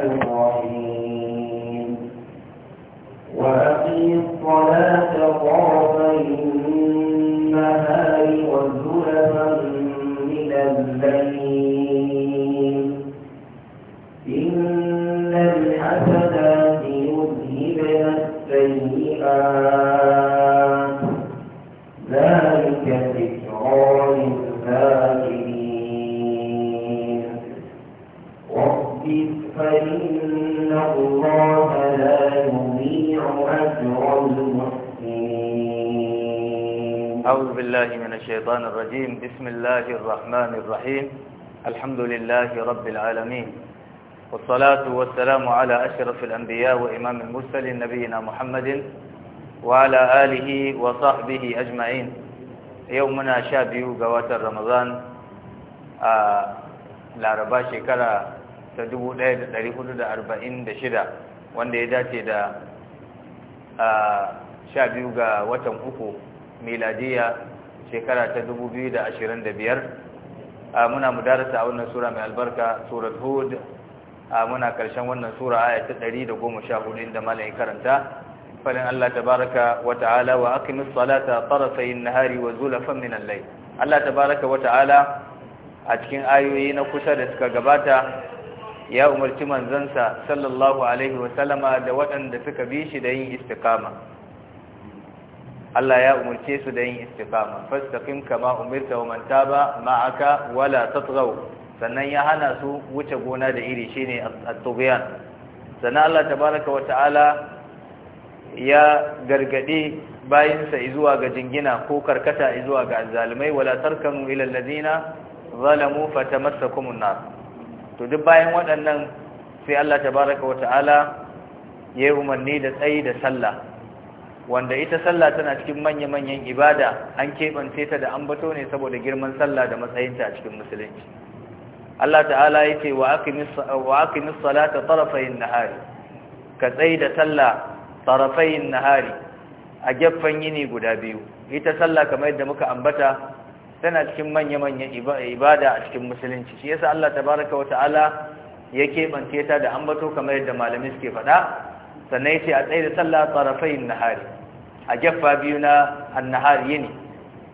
الرحيم وأقيم الصلاة طرفي الحمد لله رب العالمين والصلاة والسلام على أشرف الأنبياء وإمام المرسلين نبينا محمد وعلى آله وصحبه أجمعين يومنا شابي قوات رمضان آه لا ربا شكرا تدبو ليد لريهود دا أربعين دا شدا وان دا داتي دا آه شابي قوات أكو ميلادية شكرا تدبو بيو دا أشرين دا بيار Ah, muna mudarasa a wannan sura mai albarka surat hud ah, muna karshen wannan sura aya ta 114 inda malai karanta falin Allah tabaraka wa ta'ala wa aqimis salata tarafay nahari wa zulafan min al Allah tabaraka wa ta'ala a cikin ayoyi na kusa da suka gabata ya umarci manzansa sallallahu alaihi wa sallama da waɗanda suka bi shi da yin istikama. Allah ya umurce su da yin istiqama fastaqim kama umirta wa man taba ma'aka wala tatghaw sannan ya hana su wuce gona da iri shine at-tughyan sannan Allah tabaraka wa ta'ala ya gargade sa zuwa ga jingina ko karkata zuwa ga zalimai wala tarkanu ila alladhina zalamu an nar to duk bayan waɗannan sai Allah tabaraka wa ta'ala ya umarni da tsayi da sallah wanda ita sallah tana cikin manya-manyan ibada an keɓance ta da ambato ne saboda girman sallah da matsayinta a cikin musulunci Allah ta'ala ya ce wa aqimis salata tarafayin nahari ka tsayi da sallah tarafayin nahari a gefen yini guda biyu ita sallah kamar yadda muka ambata tana cikin manya-manyan ibada a cikin musulunci shi yasa Allah tabaraka wa ta'ala ya keɓance ta da ambato kamar yadda malamai suke faɗa sannan yace a tsaye da sallah tarafayn nahari a jaffa biyu na annahari yini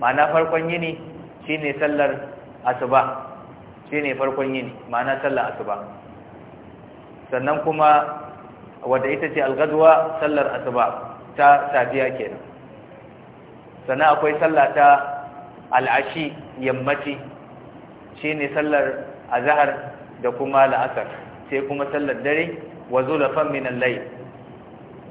ma'ana farkon yini shine sallar asuba shine farkon yini ma'ana sallar asuba sannan kuma wanda ita ce algadwa sallar asuba ta safiya kenan sannan akwai sallah ta al'ashi yammaci shine sallar azhar da kuma la'asar sai kuma sallar dare wa zulafan min al-layl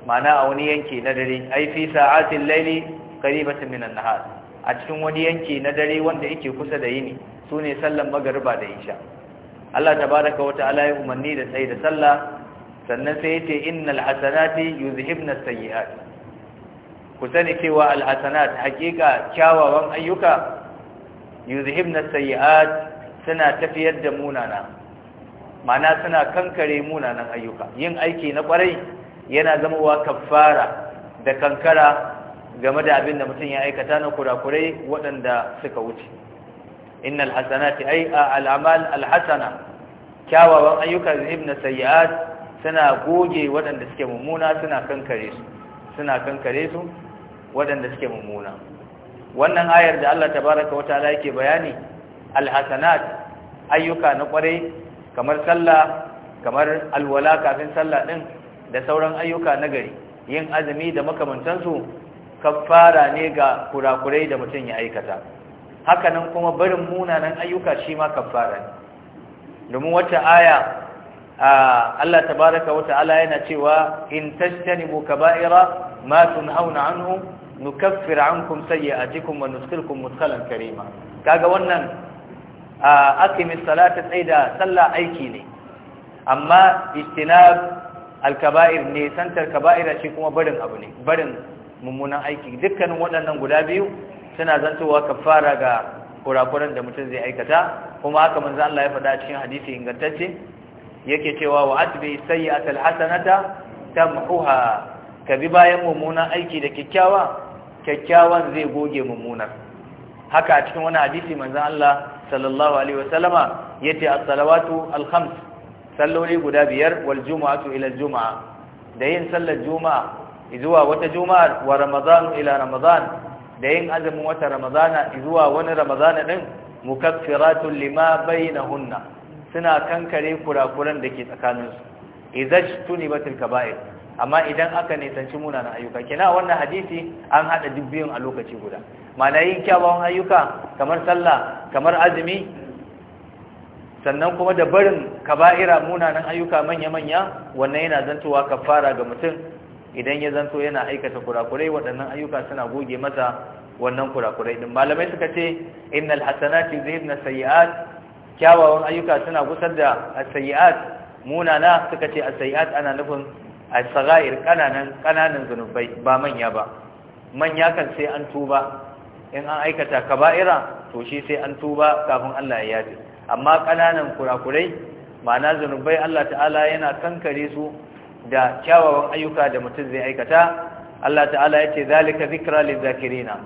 ma'ana a wani yanki na dare ai fi sa'atil laili qaribatan minan nahar a cikin wani yanki na dare wanda yake kusa da yini sune sallan magariba da isha Allah tabaraka wa ta'ala ya umarni da sai da sallah sannan sai yace innal hasanati yuzhibna as-sayyi'at ku sani cewa al-hasanat hakika kyawawan ayyuka yuzhibna as-sayyi'at suna tafiyar da munana ma'ana suna kankare munanan ayyuka yin aiki na kwarai yana zamowa kaffara da kankara game da abin da mutum ya aikata na kurakurai waɗanda suka wuce innal hasanati ay al'amal alhasana kyawawan ayyuka zihibna sayyi'at suna goge waɗanda suke mummuna suna kankare su suna kankare su waɗanda suke mummuna wannan ayar da Allah tabaraka wataala yake bayani alhasanat ayyuka na kwarai kamar sallah kamar alwala kafin sallah ɗin? da sauran ayyuka na gari yin azumi da makamantansu kafara ne ga kurakurai da mutum ya aikata hakanan kuma barin munanan ayyuka shi ma kaffara ne domin wata aya Allah tabaraka wa ta'ala yana cewa in tajtanibu kaba'ira ma tunhauna anhu nukaffir ankum sayyi'atikum wa nudkhilkum mudkhalan karima kaga wannan aqimis salata tsaida sallah aiki ne amma ijtinab alkaba'ir ne santar kaba'ira shi kuma barin abu ne barin mummunan aiki dukkanin waɗannan guda biyu suna zantowa fara ga kurakuran da mutum zai aikata kuma haka manzo Allah ya faɗa cikin hadisi ingantacce yake cewa wa atbi sayyi'at alhasanata tamhuha bi bayan mummunan aiki da kyakkyawa kyakkyawan zai goge mummunar haka a cikin wani hadisi manzo Allah sallallahu alaihi wasallama yace as-salawatu al-khams salloli guda biyar wal jumu'atu ila juma'a da yin sallar juma'a zuwa wata juma'ar wa ramadan ila ramadan da yin azumin wata ramadana zuwa wani ramadana din mukaffiratun lima bainahunna suna kankare kurakuran da ke tsakaninsu idaj tunibatul kaba'ir amma idan aka nisanci na ayyuka kina wannan hadisi an hada dubbiyun a lokaci guda ma'ana yin kyawawan ayyuka kamar sallah kamar azumi sannan kuma da barin kaba'ira munanan ayyuka manya-manya wannan yana zantowa fara ga mutum idan ya zanto yana aikata kurakurai waɗannan ayyuka suna goge masa wannan kurakurai din malamai suka ce innal hasanati yuzhibna sayiat kyawawan ayyuka suna gusar da as-sayiat munana suka ce as-sayiat ana nufin as-saghair kananan kananan ba manya ba manya kan sai an tuba in an aikata kaba'ira to shi sai an tuba kafin Allah ya yafe amma ƙananan kurakurai ma'ana zunubai Allah ta'ala yana kankare su da kyawawan ayyuka da mutum zai aikata Allah ta'ala ya ce zalika zikra lizakirina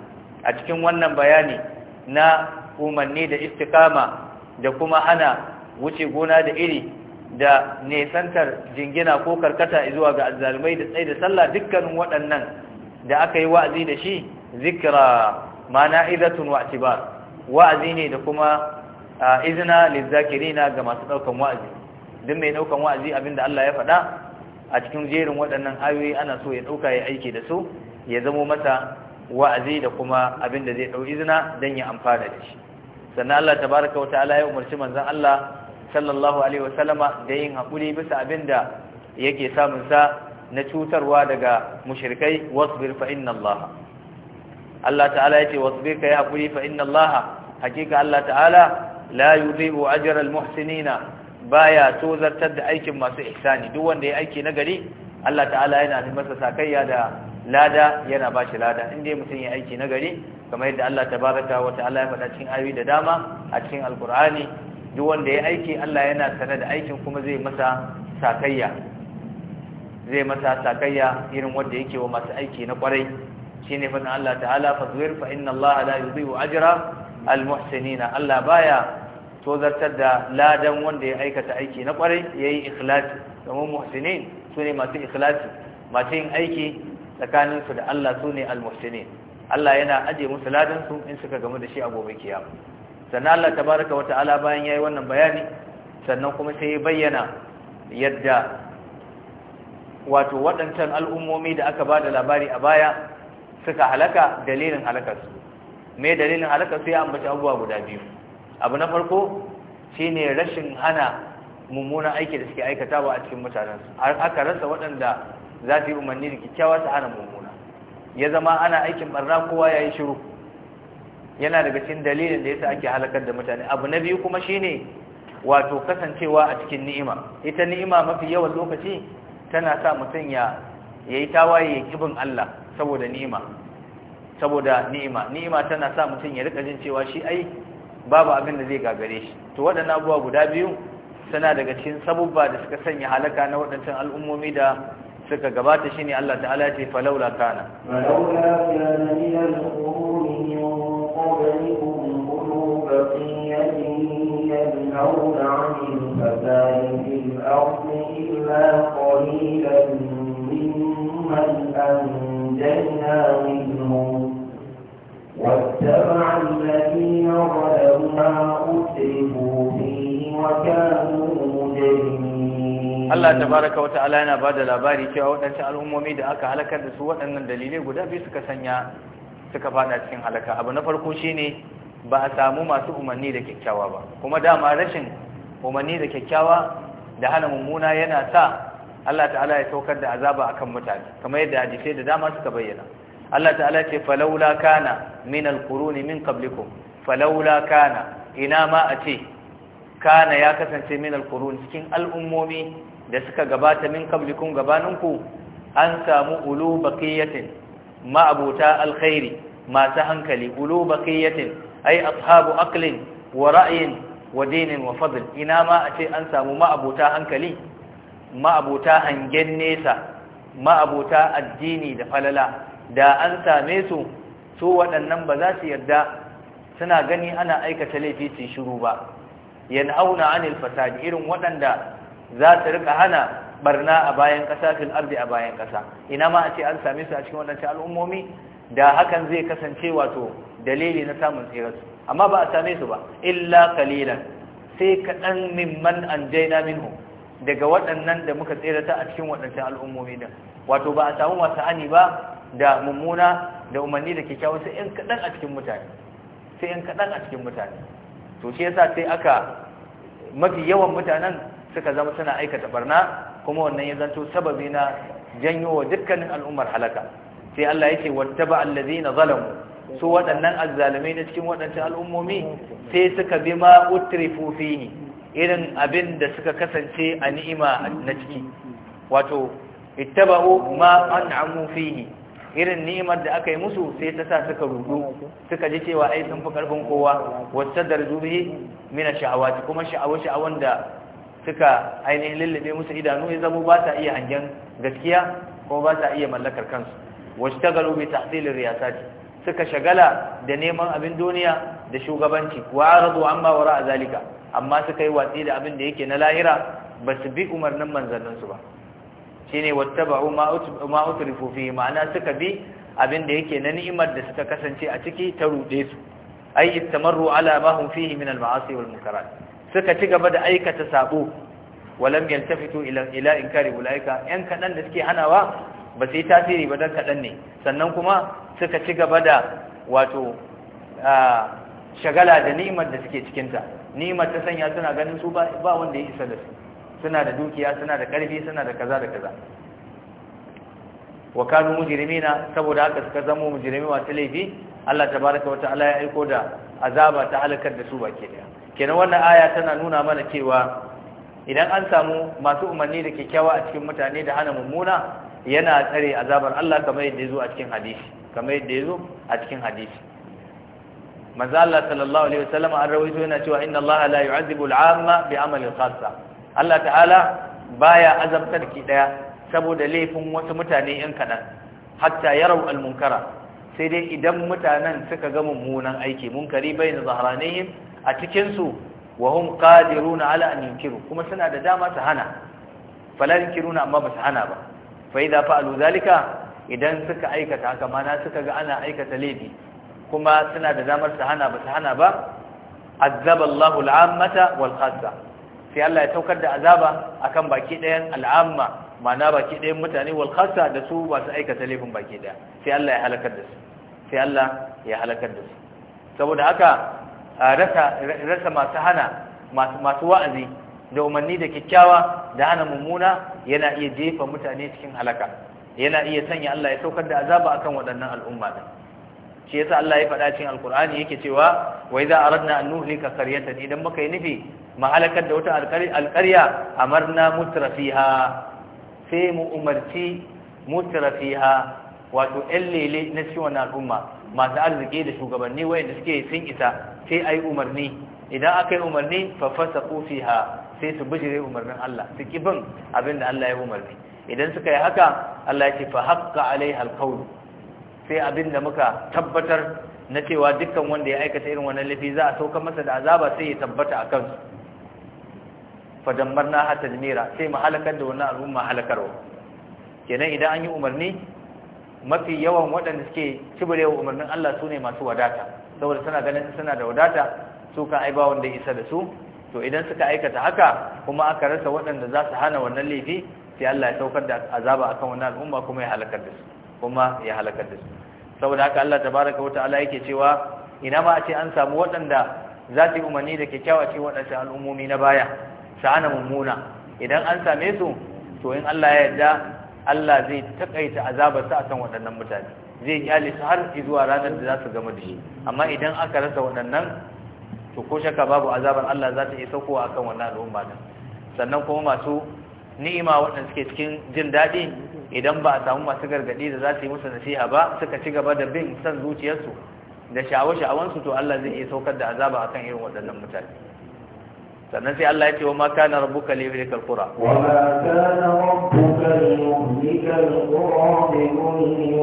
a cikin wannan bayani na umarni da istikama da kuma hana wuce gona da iri da nesantar jingina ko karkata zuwa ga azzalumai da tsaye da sallah dukkanin waɗannan da aka yi wa'azi da shi zikira mana izatun wa'tibar wa'azi ne da kuma izina lizakirina ga masu daukan wa'azi duk mai daukan wa'azi abinda Allah ya faɗa a cikin jerin waɗannan ayoyi ana so ya dauka ya aiki da su ya zamo mata wa'azi da kuma abinda zai dau izina dan ya amfana da shi sannan Allah wa ta'ala ya umarci manzon Allah sallallahu alaihi wasallama da yin hakuri bisa abinda yake samun sa na cutarwa daga mushrikai wasbir fa inna Allah Allah ta'ala yace wasbir kai hakuri fa inna Allah hakika Allah ta'ala la yudhi'u ajra almuhsinina baya tozartar da aikin masu ihsani duk wanda ya aiki nagari Allah ta'ala yana da masa sakayya da lada yana ba shi lada inda mutum ya aiki nagari kamar yadda Allah tabaraka wa ta'ala ya faɗa cikin ayoyi da dama a cikin alkur'ani duk wanda ya aiki Allah yana sanar da aikin kuma zai masa sakayya zai masa sakayya irin wanda yake wa masu aiki na kwarai shine fa Allah ta'ala fa zuwir fa inna Allah la yudhi'u ajra almuhsinina Allah baya tozartar da ladan wanda ya aikata aiki na kwarai yayi ikhlasi domin muhsinin sune masu ikhlasi masu yin aiki tsakanin su da Allah sune almuhsinin Allah yana aje musu ladan su in suka gamu da shi a gobe kiyama sannan Allah tabaraka wa ta'ala bayan yayi wannan bayani sannan kuma sai ya bayyana yadda wato waɗancan al'ummomi da aka ba da labari a baya suka halaka dalilin halakarsu Mai dalilin halaka sai ya ambaci abubuwa guda biyu abu na farko shine rashin hana mummunan aiki da suke aikatawa a cikin mutanensu har aka rasa waɗanda za su yi umarni da kyakkyawa su hana mummuna ya zama ana aikin barna kowa ya yi shiru yana daga cikin dalilin da ya sa ake halakar da mutane abu na biyu kuma shine wato kasancewa a cikin ni'ima ita ni'ima mafi yawan lokaci tana sa mutum ya yi tawaye kibin Allah saboda ni'ima saboda ni'ima ni'ima tana sa mutum ya rika jin cewa shi ai babu abin da zai gagare shi to waɗannan abubuwa guda biyu suna daga cikin sabubba da suka sanya halaka na waɗancan al'ummomi da suka gabata shine Allah ta'ala ya ce falaula kana kana Allah فيه وكانوا مجرمين الله yana bada labari cewa waɗancan al'ummomi da aka halakar da su waɗannan dalilai guda biyu suka sanya suka fada cikin halaka abu na farko shine ba a samu masu umarni da kyakkyawa ba kuma dama rashin umarni da kyakkyawa da hana mummuna yana sa Allah ta'ala ya saukar da azaba akan mutane kamar yadda hadisai da dama suka bayyana Allah ta'ala ce falaula kana min alquruni min qablikum falaula kana ina ma a ce kana ya kasance min alqurun cikin al'ummomi da suka gabata min gaba gabaninku an samu ulu baqiyatin ma abuta alkhairi masu hankali ulu baqiyatin ay ashabu aqlin wa ra'yin wa dinin wa fadl ina ma a ce an samu ma abuta hankali ma hangen nesa ma addini da falala da an same su su waɗannan ba za su yarda suna gani ana aikata laifi su shiru ba yanhauna anil fasadi irin waɗanda za su rika hana barna a bayan ƙasa fil ardi a bayan ƙasa ina ma a ce an same su a cikin waɗancan al'ummomi da hakan zai kasance wato dalili na samun tsirarsu amma ba a same su ba illa qalilan sai kaɗan mimman anjaina minhu daga waɗannan da muka tsirata a cikin waɗancan al'ummomi da wato ba a samu masu ani ba da mummuna da umarni da kyakkyawan sai in kaɗan a cikin mutane sai yan kaɗan a cikin mutane to shi yasa sai aka mafi yawan mutanen suka zama suna aikata barna kuma wannan ya zanto sababi na janyo wa dukkanin al'ummar halaka sai Allah yake wattaba allazina zalamu su waɗannan azzalumai na cikin waɗancan al'ummomi sai suka bi ma utrifu fihi irin abin da suka kasance a ni'ima na ciki wato ittaba'u ma an'amu fihi irin ni'imar da aka yi musu sai ta sa suka rudu suka ji cewa ai sun fi karfin kowa wacce da rujuhi mina sha'awati kuma sha'awa sha'awan da suka ainihin lullube musu idanu ya zama ba ta iya hangen gaskiya ko ba ta iya mallakar kansu wacce ta galo bai tahsilin riyasati suka shagala da neman abin duniya da shugabanci wa aradu amma wara a zalika amma suka yi watsi da abin da yake na lahira ba su bi umarnin manzanninsu ba shine wattaba'u ma utrifu fihi ma'ana suka bi abinda da yake na ni'imar da suka kasance a ciki ta rude su ay istamaru ala ma hum fihi min al-ma'asi wal munkarat suka ci gaba da aikata sabo walam yaltafitu ila ila inkari ulaika yan kaɗan da suke hanawa ba sai tasiri ba dan kaɗan ne sannan kuma suka ci gaba da wato shagala da ni'imar da suke cikinta ni'imar ta sanya suna ganin su ba wanda ya isa da su suna da dukiya suna da ƙarfi suna da kaza da kaza wa kanu mujrimina saboda haka suka zama mujrimi masu laifi Allah tabaraka wataala ya aiko da azaba ta halakar da su baki daya kenan wannan aya tana nuna mana cewa idan an samu masu umarni da kyakkyawa a cikin mutane da hana mummuna yana tsare azabar Allah kamar yadda yazo a cikin hadisi kamar yadda yazo a cikin hadisi manzo Allah sallallahu alaihi wasallam an rawaito yana cewa inna Allah la yu'adhibu al-'amma bi amali khassa Allah ta'ala baya azabtar ki daya saboda laifin wasu mutane yan kadan hatta yarau almunkara sai dai idan mutanen suka ga mummunan aiki munkari bayna zahranihim a cikin su wa hum qadiruna ala an yunkiru kuma suna da dama su hana fala amma ba su hana ba fa idza fa'alu zalika idan suka aikata haka mana suka ga ana aikata laifi kuma suna da damar su hana ba su hana ba azzaba al'ammata wal khassa sai Allah ya saukar da azaba akan baki ɗayan al'amma ma'ana baki ɗayan mutane wal da su ba su aikata laifin baki ɗaya sai Allah ya halakar da su sai Allah ya halakar da su saboda haka rasa rasa masu hana masu wa'azi da umarni da kyakkyawa da hana mummuna yana iya jefa mutane cikin halaka yana iya sanya Allah ya saukar da azaba akan waɗannan al'umma da. shi yasa Allah ya faɗa cikin alkur'ani yake cewa wa idza aradna an nuhlika qaryatan idan muka yi nufi mahalakar da wata alƙarya amarna mutrafiha sai mu umarci mutrafiha wato ɗan lele na ciwon al'umma masu arziki da shugabanni wayanda suke sun isa sai ai umarni idan aka yi umarni fafasa fasaqu sai su bijire umarnin Allah su kibin abin da Allah ya umarni idan suka yi haka Allah ya ce fa haƙƙa alaiha alqawl sai abin da muka tabbatar na cewa dukkan wanda ya aikata irin wannan laifi za a sauka masa da azaba sai ya tabbata a kansu. fadammarna hatta jmira sai mu halakar da wannan al'umma halakarwa kenan idan an yi umarni mafi yawan waɗanda suke cibirewa umarnin Allah su ne masu wadata saboda suna ganin suna da wadata su kan aiba wanda isa da su to idan suka aikata haka kuma aka rasa waɗanda za su hana wannan laifi sai Allah ya saukar da azaba akan wannan al'umma kuma ya halakar da su kuma ya halakar da su saboda haka Allah tabaraka wa ta'ala yake cewa ina ma a ce an samu waɗanda za su yi umarni da kyakkyawa ce waɗansu al'ummomi na baya sha'ana mummuna idan an same su to in Allah ya yarda Allah zai takaita azabarsa akan waɗannan mutane zai kyale su har zuwa ranar da za su gama da shi amma idan aka rasa waɗannan to ko shaka babu azabar Allah za ta iya saukowa akan wannan al'umma din sannan kuma masu ni'ima waɗanda suke cikin jin daɗi idan ba a samu masu gargaɗi da za su yi musu nasiha ba suka ci gaba da bin san zuciyarsu da sha'awa sha'awansu to Allah zai iya saukar da azaba akan irin waɗannan mutane sannan sai Allah ya ce wa ma kana rabbuka li yulika alqura wa ma kana rabbuka liyuhlika alqura bi dhulmin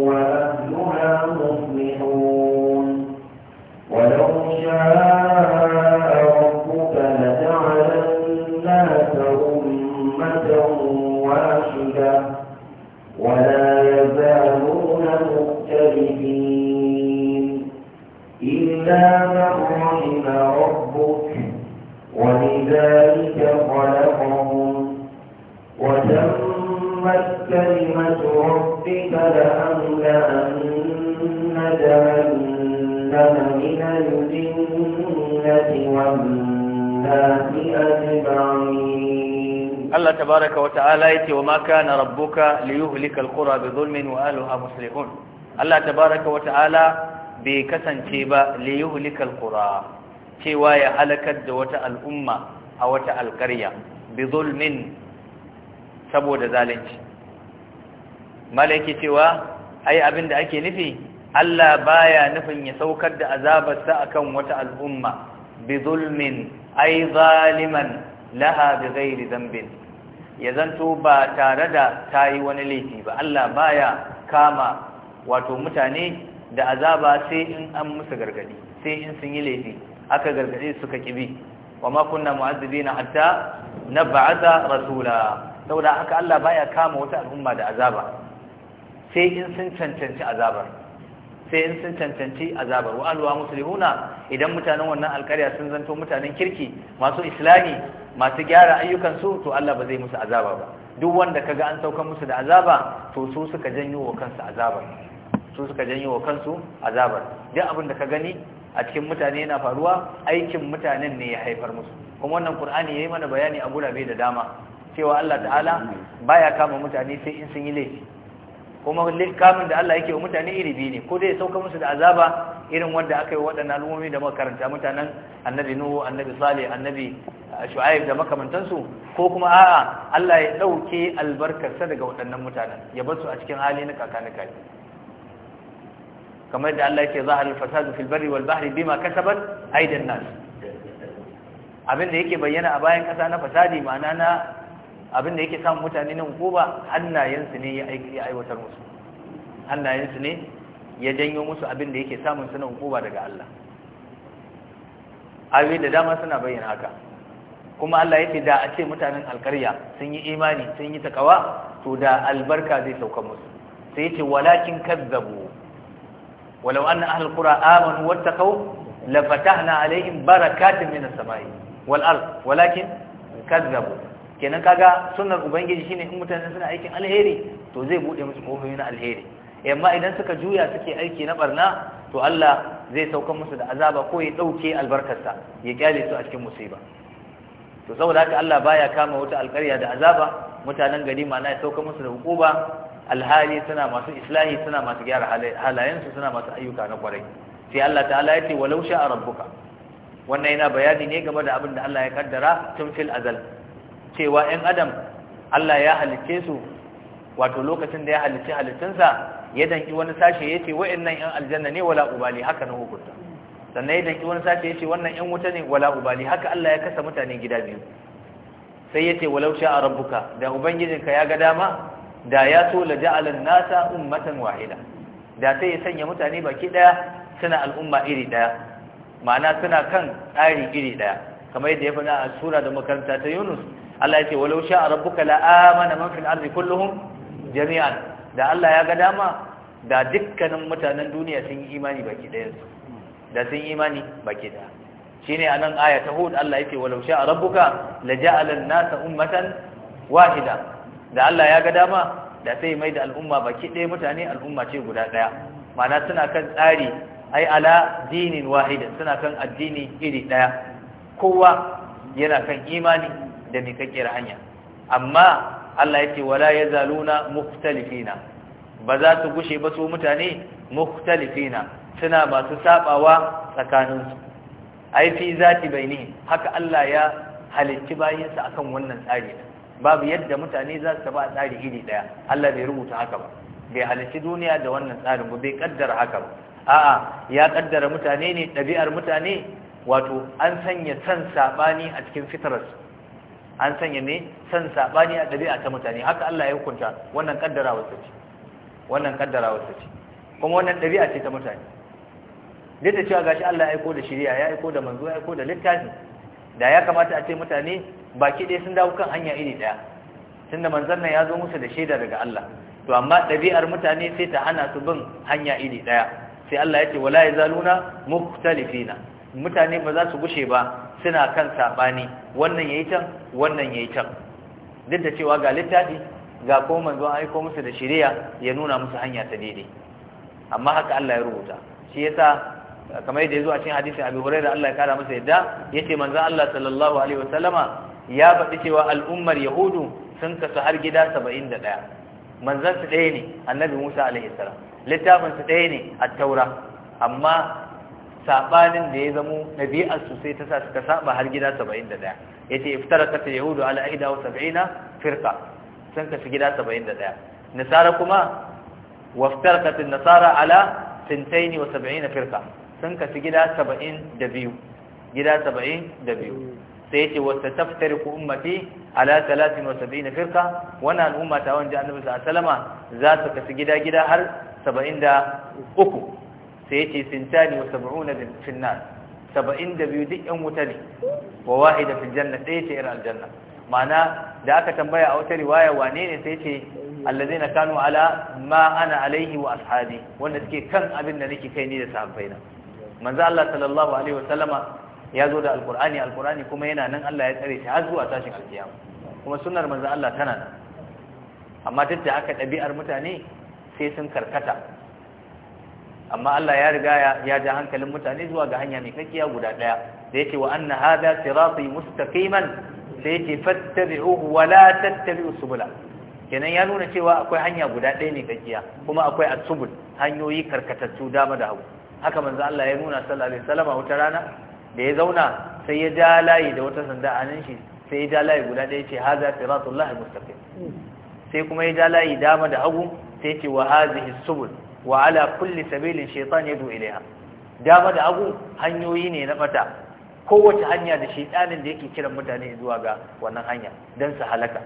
wa ahliha muslihun wa law sha'a rabbuka laja'ala an-nasa ummatan wahida wa la yazaluna mukhtalifin illa man rahima rabbuka ولذلك خلقهم وتمت كلمة ربك لأملأن جهنم من الجنة والناس أجمعين الله تبارك وتعالى يتي وما كان ربك ليهلك القرى بظلم وأهلها مصلحون الله تبارك وتعالى بكسن تيبا ليهلك القرى cewa ya halakar da wata al'umma a wata alƙarya bi zulmin saboda zalunci malaki cewa ai abin da ake nufi Allah baya nufin ya saukar da azabarsa akan wata al'umma bi zulmin ai zaliman laha bi ghairi dhanbin ya zanto ba tare da tayi wani laifi ba Allah baya kama wato mutane da azaba sai in an musu gargadi sai in sun yi laifi aka gargade suka kibi wa ma kunna na hatta nab'atha rasula saboda haka Allah baya kama wata al'umma da azaba sai in sun cancanci azabar sai in sun cancanci azabar wa alwa muslihuna idan mutanen wannan alƙarya sun zanto mutanen kirki masu islami masu gyara ayyukan su to Allah ba zai musu azaba ba duk wanda kaga an sauka musu da azaba to su suka janyo wa kansu azabar su suka janyo wa kansu azabar duk abin da ka gani a cikin mutane yana faruwa aikin mutanen ne ya haifar musu kuma wannan qur'ani yayi mana bayani a gurabe da dama cewa Allah ta'ala baya kama mutane sai in sun yi laifi kuma kamun da Allah yake wa mutane iri biyu ne ko dai ya sauka musu da azaba irin wanda aka yi waɗannan al'ummomi da makaranta mutanen annabi nuhu annabi salih annabi uh, shu'aib da makamantansu ko kuma a'a Allah ya ɗauke albarkarsa daga waɗannan mutanen ya bar su a cikin hali na kakanikai kamar da Allah yake zahar al-fasadu fil barri wal bahri bima kasabat aidan nas abinda da yake bayyana a bayan kasa na fasadi ma'ana na abinda da yake samun mutane nan hukuma hannayensu ne ya aiki aiwatar musu hannayensu ne ya janyo musu abinda da yake samun su na hukuma daga Allah ayoyi da dama suna bayyana haka kuma Allah yake da a ce mutanen alkarya sun yi imani sun yi takawa to da albarka zai sauka musu sai yace walakin kazzabu walau anna ahlul qura amanu wattaqu lafatahna alaihim barakatin minas samai wal ard walakin kenan kaga sunnar ubangiji shine in mutane suna aikin alheri to zai bude musu kofofi na alheri amma idan suka juya suke aiki na barna to Allah zai sauka musu da azaba ko ya dauke albarkarsa ya kyale su a cikin musiba to saboda haka Allah baya kama wata alƙarya da azaba mutanen gari ma na sauka musu da hukuba alhali suna masu islahi suna masu gyara halayensu suna masu ayyuka na kwarai sai Allah ta'ala ya ce walau a rabbuka wannan yana bayani ne game da abin da Allah ya kaddara tun fil azal cewa 'yan adam Allah ya halicce su wato lokacin da ya halicci halittunsa ya danki wani sashe ya ce wa'annan 'yan aljanna ne wala ubali haka na hukunta sannan ya danki wani sashe ya ce wannan 'yan wuta ne wala ubali haka Allah ya kasa mutane gida biyu sai ya ce walau a rabbuka da ubangijinka ya ga dama da ya so la ja'alan nasa ummatan wahida da sai ya sanya mutane baki daya suna al'umma iri daya ma'ana suna kan tsari iri daya kamar yadda ya faɗa a sura da makaranta ta Yunus Allah ya ce walau sha'a rabbuka la amana man fil ardi kulluhum jami'an da Allah ya ga dama da dukkanin mutanen duniya sun yi imani baki daya da sun yi imani baki daya shine anan aya ta Hud Allah yake walau sha'a rabbuka la ja'ala an-nasa ummatan wahida da Allah ya ga dama da sai mai da al'umma baki ɗaya mutane al'umma ce guda ɗaya ma'ana suna kan tsari ai ala dinin wahida suna kan addini iri ɗaya kowa yana kan imani da mikakkiyar hanya amma Allah ya ce wala ya zaluna mukhtalifina ba za su gushe ba su mutane mukhtalifina suna masu sabawa tsakaninsu ai fi zati baini haka Allah ya halicci bayinsa akan wannan tsari babu yadda mutane za su ba a tsari iri daya Allah bai rubuta haka ba bai halicci duniya da wannan tsarin ba bai kaddara haka ba a'a ya kaddara mutane ne ɗabi'ar mutane wato an sanya san sabani a cikin fitrarsu an sanya ne san sabani a ɗabi'a ta mutane haka Allah ya hukunta wannan kaddara wasu ce wannan kaddara wasu ce kuma wannan ɗabi'a ce ta mutane duk da cewa gashi Allah ya aiko da shari'a ya aiko da manzo ya aiko da littafi da ya kamata a ce mutane baki ɗaya sun dawo kan hanya iri ɗaya tunda manzon nan ya zo musu da shaida daga Allah to amma ɗabi'ar mutane sai ta hana su bin hanya iri ɗaya sai Allah ya ce wala zaluna mukhtalifina mutane ba za su gushe ba suna kan saɓani, wannan ya yi can wannan ya yi can duk da cewa ga littafi ga ko manzon aiko musu da shirya ya nuna musu hanya ta daidai amma haka Allah ya rubuta shi yasa kamar yadda ya zo a cikin hadisin Abu Hurairah Allah ya kara masa yadda yace manzon Allah sallallahu alaihi wasallama ya faɗi cewa al'ummar Yahudu sun kasu har gida 71 manzon su ɗaya ne Annabi Musa alaihi salam littafin su ɗaya ne at-Taura amma sabanin da ya zamo nabi'ar su sai ta sa suka saba har gida 71 yace iftarakat yahudu ala 71 firqa sun kasu gida 71 nasara kuma waftarkat an-nasara ala 72 firqa sun kasu gida saba'in da biyu gida saba'in da biyu sai ce wata taftari ku ummati ala talatin wa saba'in firka wannan al'umma ta wanda a salama za su kasu gida gida har saba'in da uku sai ce sintani wa sab'una fil nar saba'in da biyu duk yan wuta ne wa wahida da finjanna sai ce ir aljanna ma'ana da aka tambaya a wata riwaya wane ne sai ce na kanu ala ma ana alaihi wa ashabi wanda suke kan abin da nake kai ni da sahabbaina manzo Allah sallallahu alaihi wasallama ya zo da alqur'ani alqur'ani kuma yana nan Allah ya tsare shi har zuwa tashin alkiyama kuma sunnar manzo Allah tana nan amma duk aka haka ɗabi'ar mutane sai sun karkata amma Allah ya riga ya ja hankalin mutane zuwa ga hanya mai kakkiya guda ɗaya da yake wa anna hadha sirati mustaqiman sai yake fattabi'uhu wa la tattabi'u subula kenan ya nuna cewa akwai hanya guda ɗaya mai kakkiya kuma akwai asubul hanyoyi karkatattu dama da hagu haka manzo Allah ya nuna sallallahu alaihi wasallam wata rana da ya zauna sai ya ja layi da wata sanda a nan shi sai ya ja layi guda da ce haza siratullahi mustaqim sai kuma ya ja layi dama da hagu sai yace ce wa hazihi subul wa ala kulli sabilin shaytan yadu ilaiha dama da hagu hanyoyi ne na bata kowace hanya da shaytanin da yake kiran mutane zuwa ga wannan hanya dan su halaka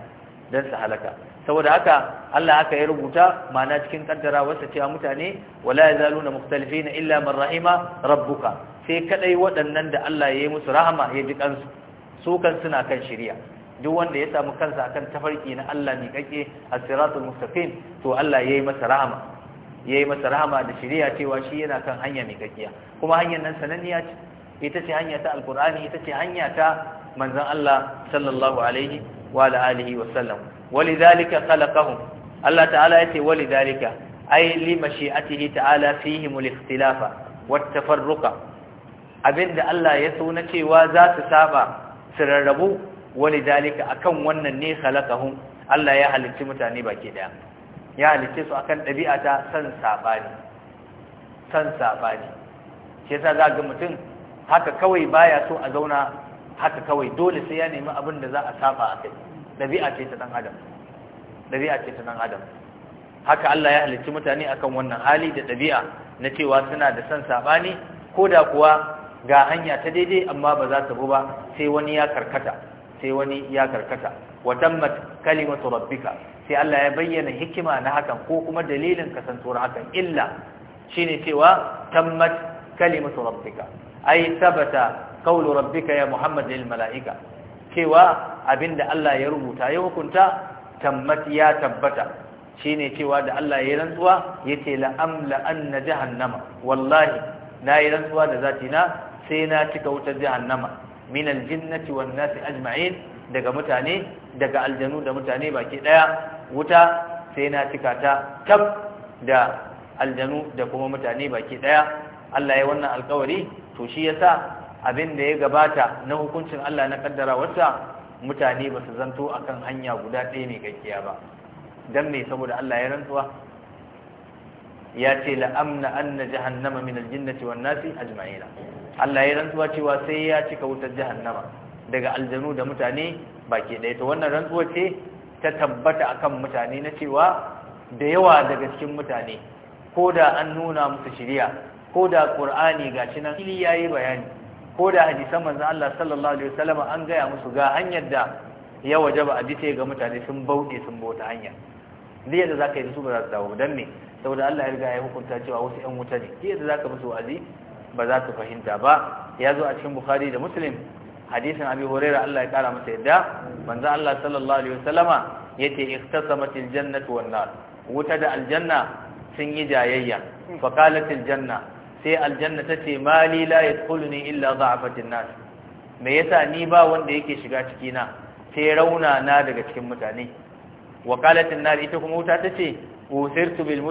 dan su halaka saboda haka Allah haka ya rubuta ma'ana cikin kaddara wasa cewa mutane wala yazaluna mukhtalifina illa man rahima rabbuka sai kadai waɗannan da Allah ya yi musu rahama ya ji kansu su kan suna kan shari'a duk wanda ya samu kansa akan tafarki na Allah ne kake as-siratul mustaqim to Allah ya yi masa rahama yayi masa rahama da shari'a cewa shi yana kan hanya mai kakkiya kuma hanyar nan sananniya ce ita ce hanya ta alqur'ani ita ce hanya ta manzon Allah sallallahu alaihi wa alihi wa sallam walidhalika khalaqahum Allah ta'ala yace walidhalika ay li mashi'atihi ta'ala fihim al-ikhtilafa wat tafarruqa abinda Allah ya so na cewa za su saba su rarrabu walidhalika akan wannan ne khalaqahum Allah ya halicci mutane baki daya ya halicce su akan ɗabi'a ta san sabani san sabani shi za ga mutum haka kawai baya so a zauna haka kawai dole sai ya nemi abin da za a saba a kai ɗabi'a ce ta ɗan adam ɗabi'a ce ta ɗan adam haka Allah ya halicci mutane akan wannan hali da ɗabi'a na cewa suna da son saɓani ko da kuwa ga hanya ta daidai amma ba za ta bu ba sai wani ya karkata sai wani ya karkata wa tammat kalimatu rabbika sai Allah ya bayyana hikima na hakan ko kuma dalilin kasantuwar hakan illa shine cewa tammat kalimatu rabbika ai tabata qawlu rabbika ya muhammad lil malaika cewa abinda Allah ya rubuta ya hukunta tammati ya tabbata shine cewa da Allah ya rantsuwa yace la amla anna jahannama wallahi na yi rantsuwa da zati na sai na cika wutar jahannama min aljinnati wan nasi ajma'in daga mutane daga aljanu da mutane baki daya wuta sai na cika ta tab da aljanu da kuma mutane baki daya Allah ya wannan alƙawari to shi yasa abin da ya gabata na hukuncin Allah na kaddara wata mutane ba su zanto a kan hanya guda ɗaya mai gaggiya ba Don me saboda Allah ya rantsuwa ya ce la'amna anna jahannama min aljinnati wan nasi ajma'ina Allah ya rantsuwa cewa sai ya cika wutar jahannama daga aljanu da mutane baki ɗaya to wannan rantsuwa ce ta tabbata akan mutane na cewa da yawa daga cikin mutane ko da an nuna musu shirya ko da ga gashi nan ya yayi bayani ko da hadisan manzon Allah sallallahu alaihi wasallam an gaya musu ga hanyar da ya wajaba a bita ga mutane sun bauɗe sun bauta hanya zai da zaka yi da su ba za su dawo dan ne saboda Allah ya riga ya hukunta cewa wasu ƴan wuta ne zai da zaka musu wa'azi ba za su fahimta ba ya zo a cikin Bukhari da Muslim hadisin Abi Hurairah Allah ya kara masa yadda manzo Allah sallallahu alaihi wasallama yace iktasamatil jannatu wan nar wuta da aljanna sun yi jayayya fa qalatil janna sai aljanna ta ce mali la yadkhuluni illa dha'afatin nas me yasa ni ba wanda yake shiga ciki na sai rauna na daga cikin mutane wa qalatin nar ita kuma wuta ta tace usirtu bil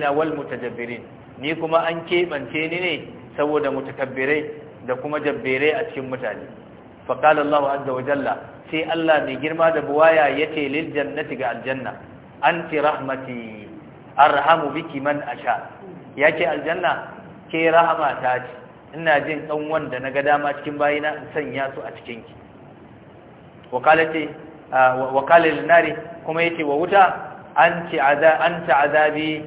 na wal mutajabbirin ni kuma an kebance ni ne saboda mutakabbirai da kuma jabbirai a cikin mutane fa qala Allahu azza wa sai Allah mai girma da buwaya yace lil jannati ga aljanna anti rahmati arhamu biki man asha yake aljanna ke rahama ta ce ina jin ɗan wanda na ga dama cikin bayina in sanya su a cikin ki wakalati wakalil nari kuma yake wa wuta an aza anta azabi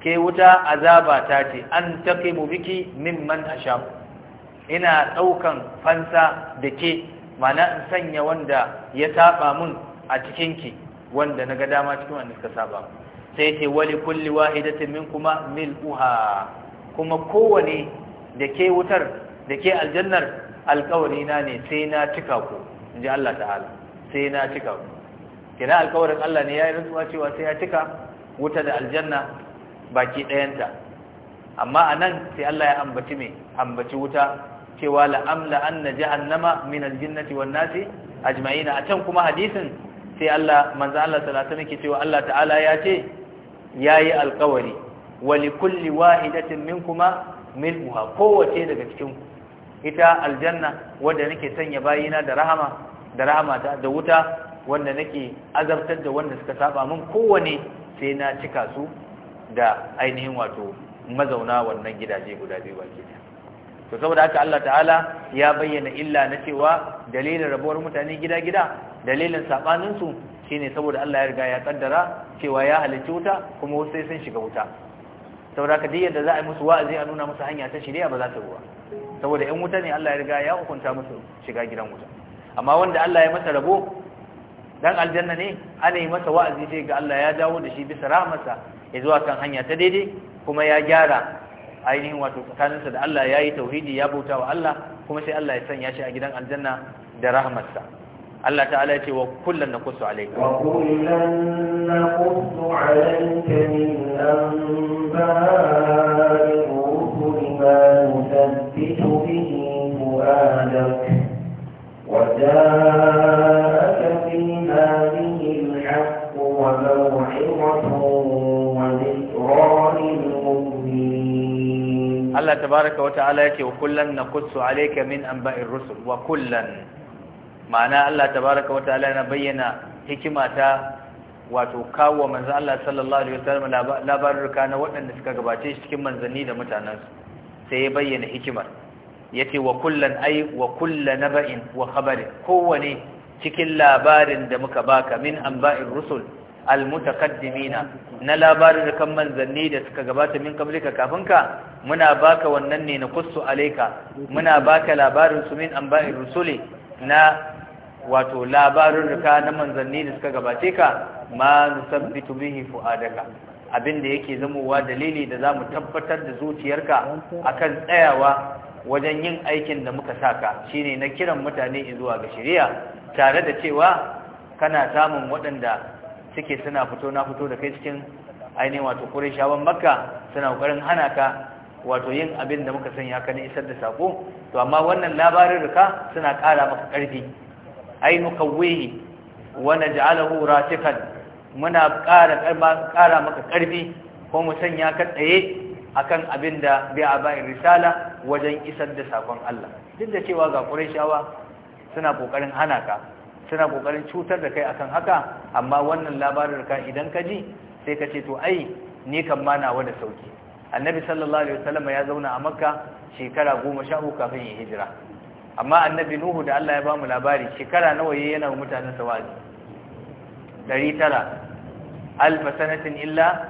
ke wuta azaba ta ce an mu biki mimman asha ina daukan fansa da ke mana in sanya wanda ya saba mun a cikin ki wanda naga dama cikin wanda suka saba sai ce wali kulli wahidatin minkuma mil'uha kuma kowane da ke wutar da ke aljannar alkawari na ne sai na cika ku in ji Allah ta'ala sai na cika ku kina alkawarin Allah ne ya yi rantsuwa cewa sai ya cika wuta da aljanna baki ɗayanta amma a nan sai Allah ya ambaci mai ambaci wuta cewa la'amla an na jahannama min aljinnati wan nasi ajma'ina a can kuma hadisin sai Allah manzo Allah sallallahu alaihi wasallam ke cewa Allah ta'ala ya ce yayi alkawari wa kulli wahidatin minkuma mil'uha kowace daga cikin ita aljanna wanda nake sanya bayina da rahama da rahama ta da wuta wanda nake azabtar da wanda suka saba mun kowane sai na cika su da ainihin wato mazauna wannan gidaje guda biyu baki to saboda haka Allah ta'ala ya bayyana illa na cewa dalilin rabuwar mutane gida-gida dalilin sabanin su shine saboda Allah ya riga ya kaddara cewa ya halicci wuta kuma wasu sai sun shiga wuta saboda ka diyar da za a yi musu wa'azi a nuna musu hanya ta shirya ba za ta ruwa saboda yan wuta ne Allah ya riga ya hukunta musu shiga gidan wuta amma wanda Allah ya masa rabo dan aljanna ne ana yi masa wa'azi sai ga Allah ya dawo da shi bisa rahmarsa ya zuwa kan hanya ta daidai kuma ya gyara ainihin wato tsakaninsa da Allah ya yi tauhidi ya bauta wa Allah kuma sai Allah ya sanya shi a gidan aljanna da rahmarsa Allah ta'ala ya ce wa kullun naqussu alayka wa kullun naqussu alayka min anba'i rusuli ma nusabbitu bihi fu'adak wa ja'aka fi hadhihi al-haqq wa maw'izatun wa dhikrā lil-mu'minin Allah tabaaraka wa ta'ala ya ce wa kullun naqussu alayka min anba'ir rusul wa kullun ma'ana Allah tabaraka wa ta'ala yana bayyana hikima ta wato kawo manzon Allah sallallahu alaihi wasallam labarurka na waɗanda suka gabace shi cikin manzanni da mutanansu sai ya bayyana hikimar yace wa kullan ay wa kullan naba'in wa khabari kowane cikin labarin da muka baka min anba'ir rusul almutaqaddimina na labarukan manzanni da suka gabata min kablika kafinka muna baka wannan ne na kussu alaika muna baka labarin su min anba'ir rusuli na wato labarin ka na manzanni da suka gabace ka ma nusabbitu bihi fuadaka abinda yake zamowa dalili da zamu tabbatar da zuciyarka akan tsayawa wajen yin aikin da muka saka shine na kiran mutane zuwa ga shari'a tare da cewa kana samun waɗanda suke suna fito na fito da kai cikin ainihin wato Qurayshawan Makka suna kokarin hana ka wato yin abin da muka sanya ka ne isar da sako to amma wannan labarin ruka suna ƙara maka ƙarfi ai nukawwihi wa naj'aluhu ratifan muna ƙara ƙara maka ƙarfi ko mu sanya ka tsaye akan abin da bai a bayan risala wajen isar da sakon Allah duk da cewa ga Qurayshawa suna kokarin hana ka suna kokarin cutar da kai akan haka amma wannan labarin ka idan ka ji sai ka ce to ai ni kan ma nawa da sauki annabi sallallahu alaihi wasallam ya zauna a makka shekara 13 kafin hijira amma annabi nuhu da Allah ya bamu labari shekara nawa yayi yana mutanen sa wa'azi 900 alf sanatin illa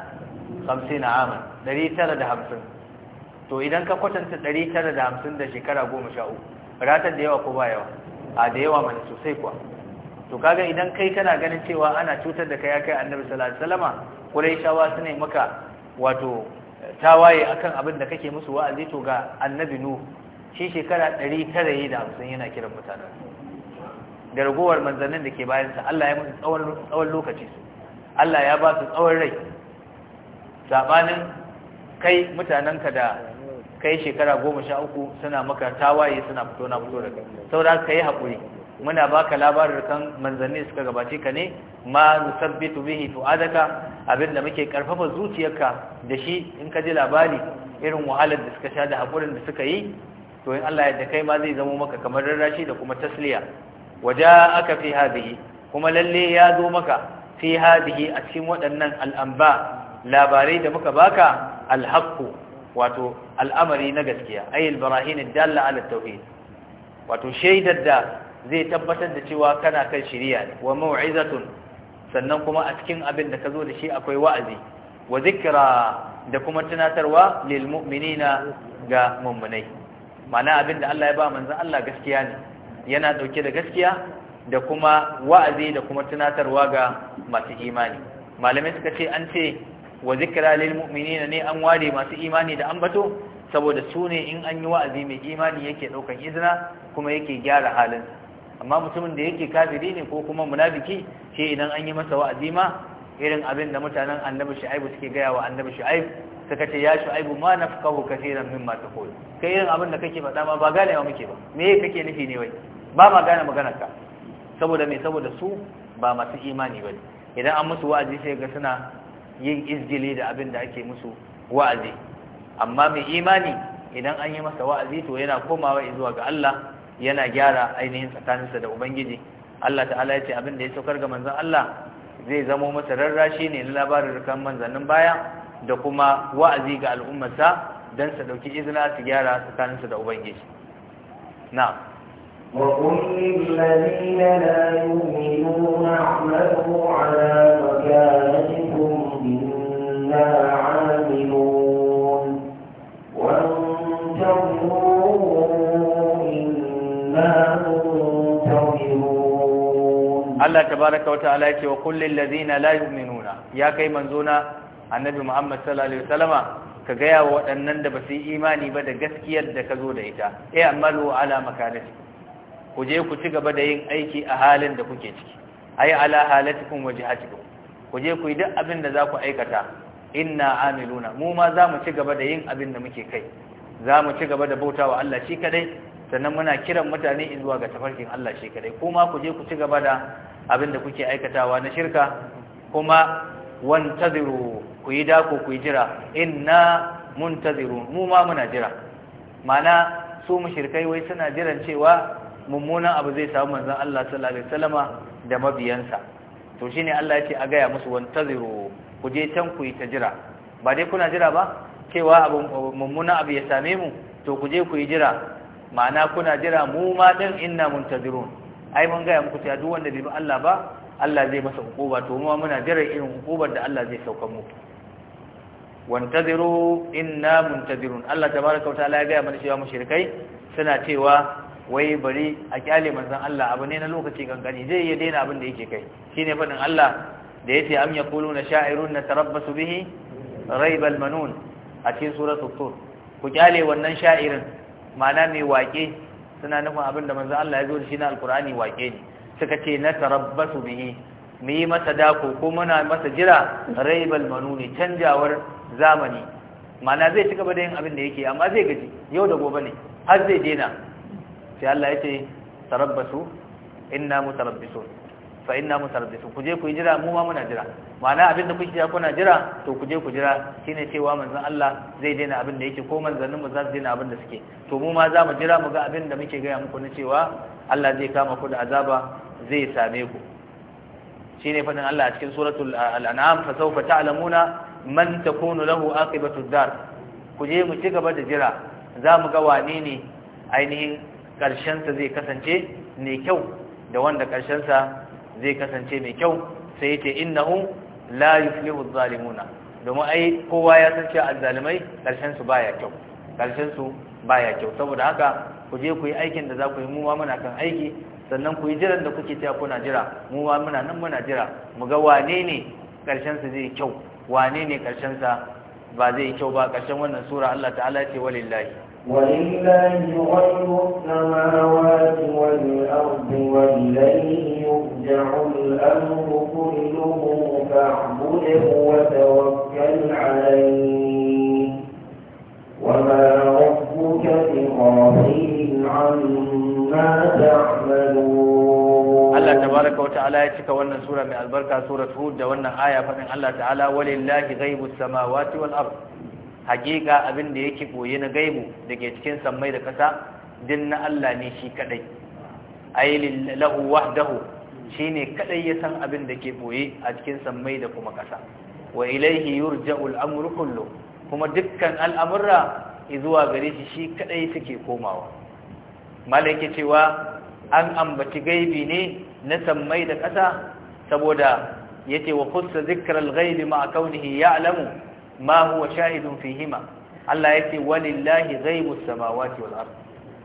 50 aman 950 to idan ka kwatanta 950 da shekara 13 ratar da yawa ko ba yawa a da yawa mana sosai kuwa to kaga idan kai kana ganin cewa ana cutar da kai ya kai annabi sallallahu alaihi wasallama quraishawa sune maka wato tawaye akan abin da kake musu wa'azi to ga annabi nuhu shi shekara ɗari tara yi da hamsin yana kiran mutane da ragowar manzannin da ke bayansa Allah ya musu tsawon lokaci su Allah ya ba su tsawon rai saɓanin kai mutanenka da kai shekara goma sha uku suna maka tawaye suna fito na fito da saura ka yi haƙuri muna baka labarin kan manzannin suka gabace ka ne ma nusabbitu bihi Abin da muke karfafa zuciyarka da shi in ka ji labari irin wahalar da suka sha da haƙurin da suka yi to in Allah ya da kai ma zai zamo maka kamar rarrashi da kuma tasliya aka fi hadhihi kuma lalle ya zo maka fi hadhihi a cikin waɗannan al'amba labarai da muka baka alhaqqu wato al'amari na gaskiya ay albarahin dalla ala tauhid wato shaidar da zai tabbatar da cewa kana kan shirya ne wa mau'izatun sannan kuma a cikin abin da ka zo da shi akwai wa'azi wa zikra da kuma tunatarwa lil mu'minina ga mummunai mana abinda Allah ya ba manzon Allah gaskiya ne yana dauke da gaskiya da kuma wa'azi da kuma tunatarwa ga masu imani malamai suka ce an ce wa zikra lil mu'minina ne an ware masu imani da ambato saboda su ne in an yi wa'azi mai imani yake daukan izina kuma yake gyara halin amma mutumin da yake kafiri ne ko kuma munafiki shi idan an yi masa wa'azi ma irin abin da mutanen annabi shu'aib suke gaya wa annabi shu'aib suka ce ya aibu ma nafqahu kaseeran mimma taqul kai irin abin da kake faɗa ma ba gane wa muke ba me kake nufi ne wai ba ma gane maganar saboda me saboda su ba masu imani bane idan an musu wa'azi sai ga suna yin izgili da abin da ake musu wa'azi amma mai imani idan an yi masa wa'azi to yana komawa zuwa ga Allah yana gyara ainihin tsakaninsa da ubangiji Allah ta'ala ya ce abin da ya saukar ga manzon Allah zai zamo masa rarrashi ne na labarin rukan manzannin baya da kuma wa'azi ga al'ummarsa don sa dauki izina su gyara tsakaninsa da ubangiji na Allah ta baraka ta'ala yake wa kullin ladina la yu'minuna ya kai manzona. annabi Muhammad sallallahu alaihi wasallama ka gaya wa waɗannan da ba su yi imani ba da gaskiyar da ka zo da ita eh amalu ala makanati ku je ku ci gaba da yin aiki a halin da kuke ciki ai ala halatikum wajhatikum ku je ku yi duk abin da za ku aikata inna amiluna mu ma za mu ci gaba da yin abin da muke kai za mu ci gaba da bautawa Allah shi kadai sannan muna kiran mutane zuwa ga tafarkin Allah shi kadai kuma ku je ku ci gaba da abin da kuke aikatawa na shirka kuma wantaziru ku yi dako ku yi jira inna muntazirun mu ma muna jira mana su mushrikai wai suna jiran cewa mummunan abu zai samu manzon Allah sallallahu alaihi wasallama da mabiyansa to shine Allah ya ce a gaya musu wantaziru ku je can ku yi ta jira ba dai kuna jira ba cewa abu mummunan abu ya same mu to ku je ku yi jira ma'ana kuna jira mu ma din inna muntazirun ai mun gaya muku cewa duk wanda bai bi Allah ba Allah zai masa hukuba to mu ma muna jira irin hukubar da Allah zai sauka muku wantaziru inna muntazirun Allah tabaraka wataala ya gaya mana cewa mushrikai suna cewa wai bari a kyale manzon Allah abu ne na lokaci kankani zai iya daina abin da yake kai shine fadin Allah da yace am yaquluna sha'irun natarabbasu bihi raibal manun a cikin suratul tur ku kyale wannan sha'irin ma'ana mai waƙe suna nufin abin da manzon Allah ya zo da shi na alqur'ani wake ne suka ce natarabbasu bihi mu yi masa dako ko muna masa jira raibal manuni canjawar zamani mana zai ci gaba da yin abin da yake amma zai gaji yau da gobe ne har zai dena sai Allah ya ce tarabbasu inna mutarabbisun fa inna mutarabbisun ku je ku jira mu ma muna jira mana abin da kuke kuna jira to ku je ku jira shine cewa manzon Allah zai dena abin da yake ko manzannin mu za su dena abin da suke to mu ma za mu jira mu ga abin da muke ga muku na cewa Allah zai kama ku da azaba zai same ku shine fadin Allah a cikin suratul an'am fa sawfa ta'lamuna man takunu lahu aqibatu dar ku je mu ci gaba da jira za mu ga wane ne ainihin karshen sa zai kasance mai kyau da wanda karshen sa zai kasance mai kyau sai yace innahu la yuflihu adh-dhalimuna domin ai kowa ya san cewa azzalimai karshen su baya kyau karshen su baya kyau saboda haka ku je ku yi aikin da za ku yi mu ma muna kan aiki sannan ku yi jiran da kuke cewa kuna jira mu ma muna nan muna jira mu ga wane ne karshen sa zai kyau wane ne karshen sa ba zai yi kyau ba karshen wannan sura Allah ta'ala ce walillahi walillahi ghaibu samawati wal ardi wa ilayhi yurja'u al-amru kulluhu fa'budhu wa tawakkal 'alayhi wa ma rabbuka bighafilin 'amma ta'malun Allah tabaraka wa ta'ala ya cika wannan sura mai albarka surat hud da wannan aya faɗin Allah ta'ala walillahi zai samawati wal ard haqiqa abin da yake koyi na gaibu dake cikin sammai da kasa din na Allah ne shi kadai ay lahu wahdahu shine kadai ya san abin da ke boye a cikin sammai da kuma kasa wa ilayhi yurja'u al kullu kuma dukkan al'amurra zuwa gare shi shi kadai suke komawa malaike cewa an ambaci gaibi ne na sammai da ƙasa saboda yace wa khussa zikral ghaibi ma kaunihi ya'lamu ma huwa shahidun fihima Allah yake walillahi ghaibus samawati wal ard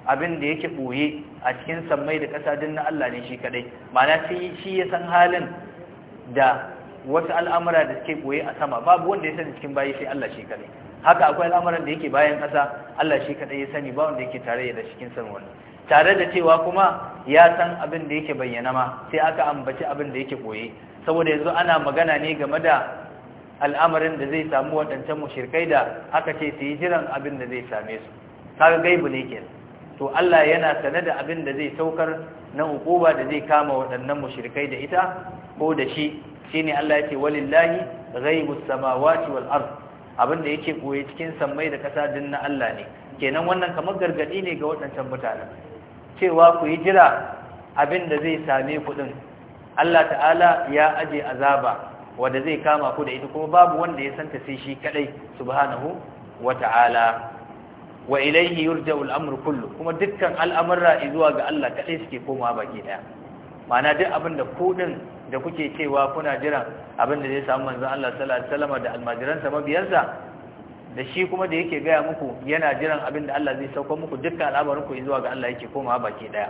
abin da yake boye a cikin sammai da ƙasa din na Allah ne shi kadai ma'ana shi ya san halin da wasu al'amura da suke boye a sama babu wanda ya sani cikin bayi sai Allah shi kadai haka akwai al'amuran da yake bayan ƙasa Allah shi kadai ya sani ba wanda yake tare da cikin san wannan tare da cewa kuma ya san abin da yake bayyana ma sai aka ambaci abin da yake koye saboda yanzu ana magana ne game da al'amarin da zai samu waɗancan mushirkai da aka ce su yi jiran abin da zai same su kaga gaibu ne ke to Allah yana sane da abin da zai saukar na hukuma da zai kama waɗannan mushirkai da ita ko da shi shine Allah ya ce walillahi ghaibus samawati wal ard abin da yake koye cikin sammai da ƙasa din na Allah ne kenan wannan kamar gargadi ne ga waɗancan mutanen cewa ku yi jira abin da zai same ku Allah ta'ala ya aje azaba wanda zai kama ku da ita kuma babu wanda ya santa sai shi kadai subhanahu wa ta'ala wa ilaihi yurja'ul amru kullu kuma dukkan al'amura zuwa ga Allah kadai suke komawa baki daya ma'ana duk abin da ku din da kuke cewa kuna jira abin da zai samu manzon Allah sallallahu alaihi wasallam da almajiransa mabiyansa da shi kuma da yake gaya muku yana jiran abin da Allah zai sauko muku dukkan al'amarin ku zuwa ga Allah yake komawa baki daya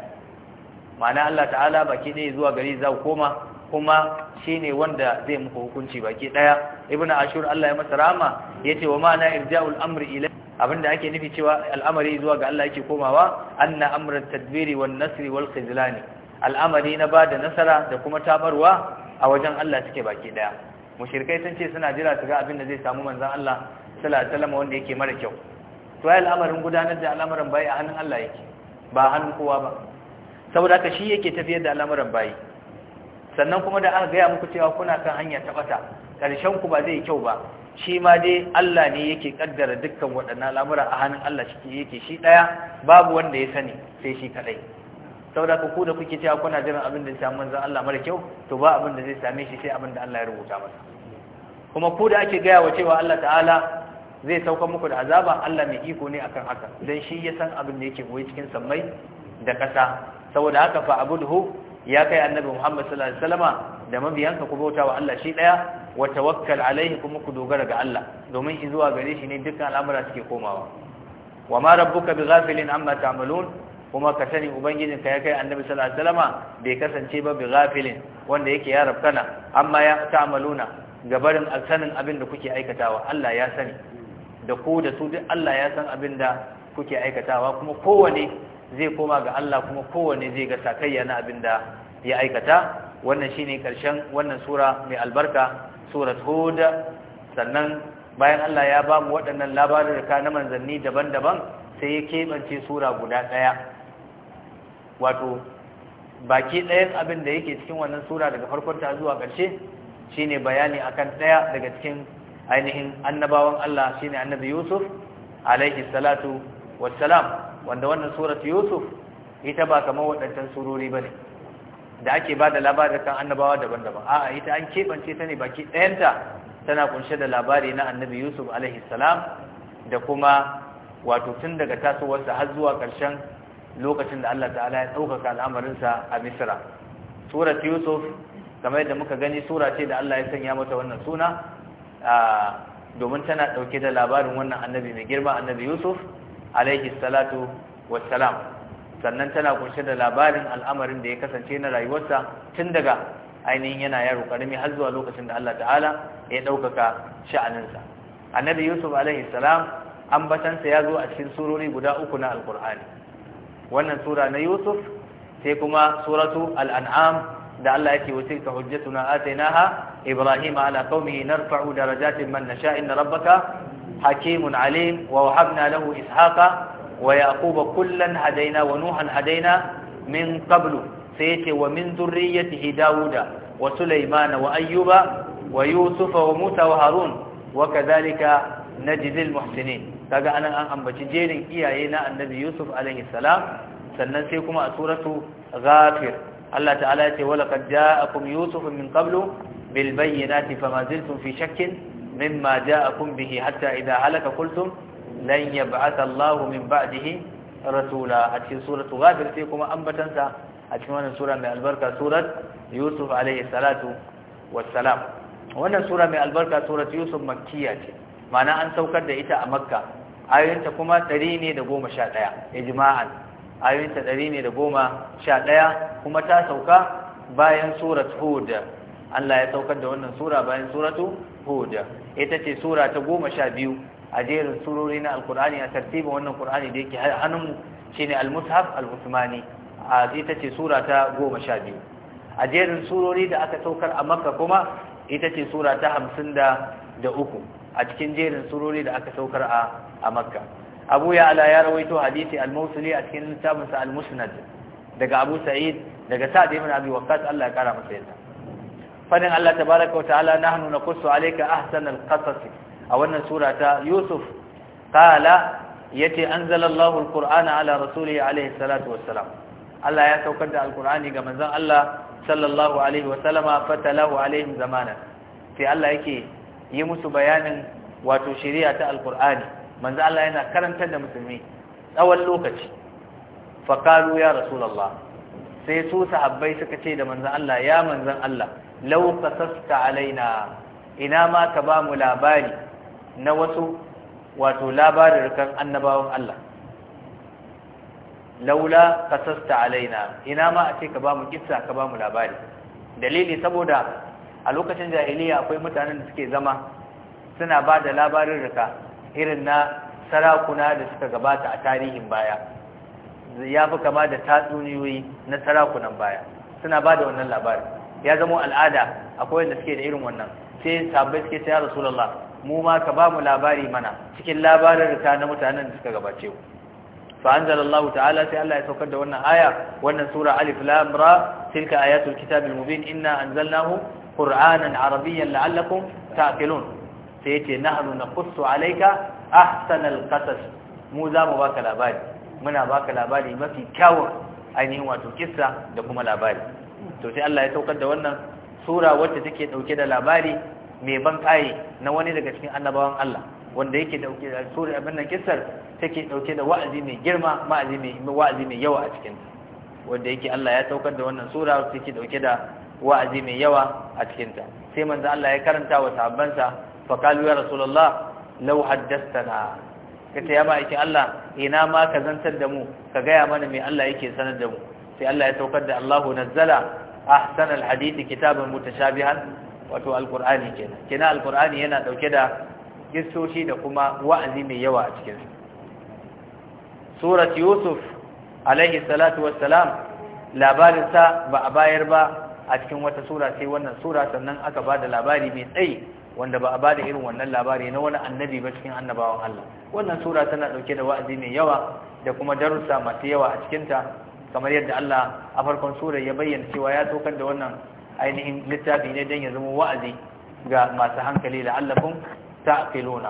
ma'ana Allah ta'ala baki daya zuwa gari za ku koma kuma shine wanda zai muku hukunci baki daya ibnu ashur Allah ya masa rahama yace wa mana irja'ul amri ila abinda ake nufi cewa al'amari zuwa ga Allah yake komawa anna amra tadbiri wan nasri wal khizlani al'amari na bada nasara da kuma tabarwa a wajen Allah suke baki daya mushrikai sun ce suna jira su ga abin da zai samu manzan Allah sallallahu alaihi wasallam wanda yake mara kyau to ai al'amarin gudanar da al'amarin bai a hannun Allah yake ba hannun kowa ba saboda haka shi yake tafiyar da al'amarin bai sannan kuma da aka gaya muku cewa kuna kan hanya ta bata karshen ku ba zai kyau ba shi ma dai Allah ne yake kaddara dukkan waɗannan al'amura a hannun Allah shi yake shi daya babu wanda ya sani sai shi kadai saboda ku da kuke cewa kuna jiran abin da ya samu manzon Allah mara kyau to ba abin da zai same shi sai abin da Allah ya rubuta masa kuma ku da ake gaya wa cewa Allah ta'ala zai sauka muku da azaba Allah mai iko ne akan haka don shi ya san abin da yake goyi cikin sammai da ƙasa saboda haka fa abudhu ya kai annabi Muhammad sallallahu alaihi wasallama da mabiyanka ku bauta wa Allah shi daya wa tawakkal alaihi kuma ku dogara ga Allah domin zuwa gare shi ne dukkan al'amura suke komawa wa ma rabbuka bighafilin amma ta'malun kuma ka sani ubangijin ka ya kai annabi sallallahu alaihi wasallama bai kasance ba bighafilin wanda yake ya rabkana amma ya ta'maluna gabarin sanin abin da kuke aikatawa Allah ya sani da ko da su duk Allah ya san abin da kuke aikatawa kuma kowane zai koma ga Allah kuma kowane zai ga sakayya na abin da ya aikata wannan shine karshen wannan sura mai albarka surat hud sannan bayan Allah ya ba mu waɗannan labarin da na manzanni daban-daban sai ya keɓance sura guda ɗaya wato baki ɗayan abin da yake cikin wannan sura daga farkon ta zuwa ƙarshe shine bayani akan ɗaya daga cikin ainihin annabawan Allah shine annabi Yusuf alaihi salatu wassalam wanda wannan surat Yusuf ita ba kamar waɗancan surori bane da ake bada labari kan annabawa daban-daban a'a ita an kebance ta ne baki ɗayanta tana kunshe da labari na annabi Yusuf alaihi salam da kuma wato tun daga tasowarsa har zuwa ƙarshen lokacin da Allah ta'ala ya ɗaukaka al'amarinsa a Misra surat Yusuf kamar yadda muka gani sura ce da Allah ya sanya mata wannan suna domin tana ɗauke da labarin wannan annabi mai girma annabi yusuf alaihi salatu wassalam sannan tana kunshe da labarin al'amarin da ya kasance na rayuwarsa tun daga ainihin yana yaro karami har zuwa lokacin da Allah ta'ala ya ɗaukaka sha'aninsa annabi yusuf alaihi salam ambatansa ya zo a cikin surori guda uku na alkur'ani wannan sura na yusuf sai kuma suratu al'an'am da Allah yake wuce ka hujjatuna atainaha ibrahim ala qaumihi narfa'u darajatin man nasha inna rabbaka hakimun alim wa wahabna lahu ishaqa wa yaquba kullan hadaina wa nuhan hadaina min qablu sayati wa min dhurriyyatihi dauda wa sulaimana wa ayyuba wa yusufa wa musa wa harun wa kadhalika najzil muhsinin kaga anan an ambaci jerin iyaye na annabi yusuf alaihi salam sannan sai kuma a suratu ghafir Allah ta'ala ya ce wala qad ja'akum yusuf min qablu bil bayyinati fama zaltum fi shakkin mimma ja'akum bihi hatta idha halaka qultum lan yab'ath Allah min ba'dihi rasula a cikin suratu ghafir sai kuma ambatansa a cikin wannan sura mai albarka surat yusuf alaihi salatu wassalam wannan sura mai albarka surat yusuf makkiya ce ma'ana an saukar da ita a makka ayoyinta kuma 111 ijma'an ayoyinta ɗari ne da goma sha ɗaya kuma ta sauka bayan surat hud Allah ya saukar da wannan sura bayan suratu hud ita ce sura ta goma sha biyu a jerin surori na alkur'ani a tartiba wannan kur'ani da yake hannunmu shine al almushaf al-usmani ita ce sura ta goma sha biyu a jerin surori da aka saukar a makka kuma ita ce sura ta hamsin da uku a cikin jerin surori da aka saukar a makka abu ya ala ya rawaito hadisi al-mawsili a cikin littafin sa al-musnad daga abu sa'id daga sa'd ibn abi waqqas Allah ya kara masa yarda fadin Allah tabaaraka wa ta'ala nahnu naqussu alayka ahsana al-qasas a wannan sura ta yusuf qala yace anzala Allahu al-qur'ana ala rasulihi alayhi salatu wassalam Allah ya saukar da al-qur'ani ga manzon Allah sallallahu alayhi wa sallama fatalahu alaihim zamana sai Allah yake yi musu bayanin wato shari'a ta al-qur'ani manzo Allah yana karantar da musulmi tsawon lokaci faqalu ya rasulullah sai su sahabbai suka ce da manzo Allah ya manzon Allah law qasasta alaina ina ma ka ba mu labari na wasu wato labarin annabawan Allah laula kasasta alaina ina ma a ce ka bamu kissa ka bamu labari dalili saboda a lokacin jahiliya akwai mutanen da suke zama suna ba da labarin rika irin na sarakuna da suka gabata a tarihin baya ya fi kama da tatsuniyoyi na sarakunan baya suna ba da wannan labarin ya zama al'ada akwai wanda suke da irin wannan sai sabbai suke ta ya rasulallah mu ma ka ba mu labari mana cikin labarin rita na mutanen da suka gabace mu ta'ala sai allah ya saukar da wannan aya wannan sura alif لام را تلك آيات الكتاب المبين إنا أنزلناه قرآنا عربيا لعلكم تعقلون sai yace nahnu naqussu alayka ahsanal qasas mu za mu baka labari muna baka labari mafi kyawun ainihin wato kissa da kuma labari to sai Allah ya saukar da wannan sura wacce take dauke da labari mai ban kai na wani daga cikin annabawan Allah wanda yake dauke da sura abin nan kissar take dauke da wa'azi mai girma ma'azi mai wa'azi mai yawa a cikin wanda yake Allah ya saukar da wannan sura take dauke da wa'azi mai yawa a cikin ta sai manzo Allah ya karanta wa sahabbansa faqalu ya rasulullah law haddathana kace ba aiki Allah ina ma ka zantar da mu ka gaya mana me Allah yake sanar da mu sai Allah ya saukar da Allahu nazzala ahsan alhadith kitaban mutashabihan wato alqur'ani kenan kenan alqur'ani yana dauke da gissoshi da kuma wa'azi mai yawa a cikin su surat yusuf alaihi salatu wassalam labarinsa ba a bayar ba a cikin wata sura sai wannan sura sannan aka ba da labari mai tsayi wanda ba a ba da irin wannan labari na wani annabi ba cikin annabawan Allah wannan sura tana dauke da wa'azi mai yawa da kuma darussa masu yawa a cikinta kamar yadda Allah a farkon sura ya bayyana cewa ya tokar da wannan ainihin littafi ne don ya zama wa'azi ga masu hankali la'allakun ta'qiluna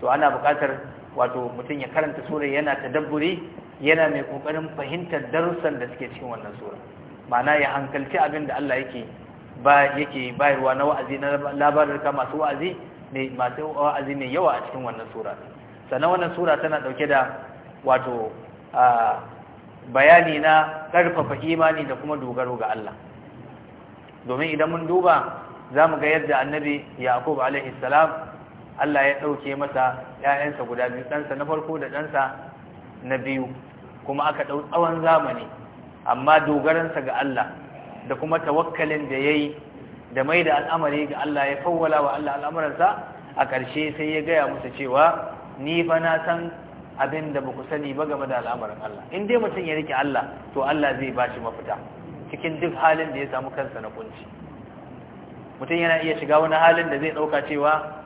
to ana buƙatar wato mutum ya karanta sura yana tadabburi yana mai kokarin fahimtar darussan da suke cikin wannan sura ma'ana ya hankalci abin da Allah yake ba yake bayarwa na wa'azi na ka masu wa'azi ne masu wa'azi ne yawa a cikin wannan sura sannan wannan sura tana dauke da wato bayani na karfafa imani da kuma dogaro ga Allah domin idan mun duba zamu ga yadda annabi yaqub alaihi salam Allah ya dauke masa ƴaƴansa guda biyu ɗansa na farko da ɗansa na biyu kuma aka dau tsawon zamani amma dogaransa ga Allah da kuma tawakkalin da ya yi da mai da al'amari ga Allah ya fawwala wa Allah al'amuransa a ƙarshe sai ya gaya musu cewa ni fa na san abin da baku sani ba game da al'amarin Allah in dai mutum ya rike Allah to Allah zai ba shi mafita cikin duk halin da ya samu kansa na kunci mutum yana iya shiga wani halin da zai ɗauka cewa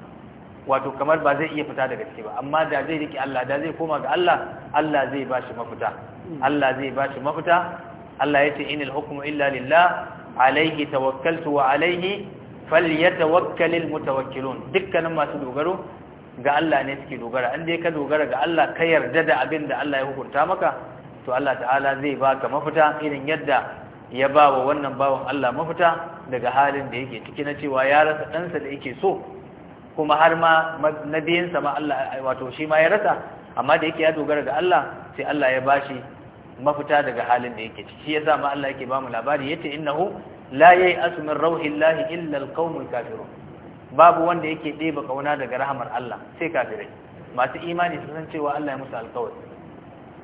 wato kamar ba zai iya fita daga ciki ba amma da zai rike Allah da zai koma ga Allah Allah zai ba shi mafita Allah zai ba shi mafita Allah ya ce inil hukmu illa lillah alaihi tawakkaltu wa alaihi falyatawakkalul mutawakkilun dukkanin masu dogaro ga Allah ne suke dogara in dai ka dogara ga Allah ka yarda da abin da Allah ya hukunta maka to Allah ta'ala zai baka mafita irin yadda ya ba wa wannan bawan Allah mafita daga halin da yake ciki na cewa ya rasa dansa da yake so kuma har ma nabiyinsa ma Allah wato shi ma ya rasa amma da yake ya dogara ga Allah sai Allah ya bashi mafita daga halin da yake ciki yasa ma Allah yake bamu labari yace innahu la yai'asu min llahi illa alqaumul kafirun babu wanda yake ɗeba kauna daga rahamar Allah sai kafirai masu imani sun san cewa Allah ya musu alƙawari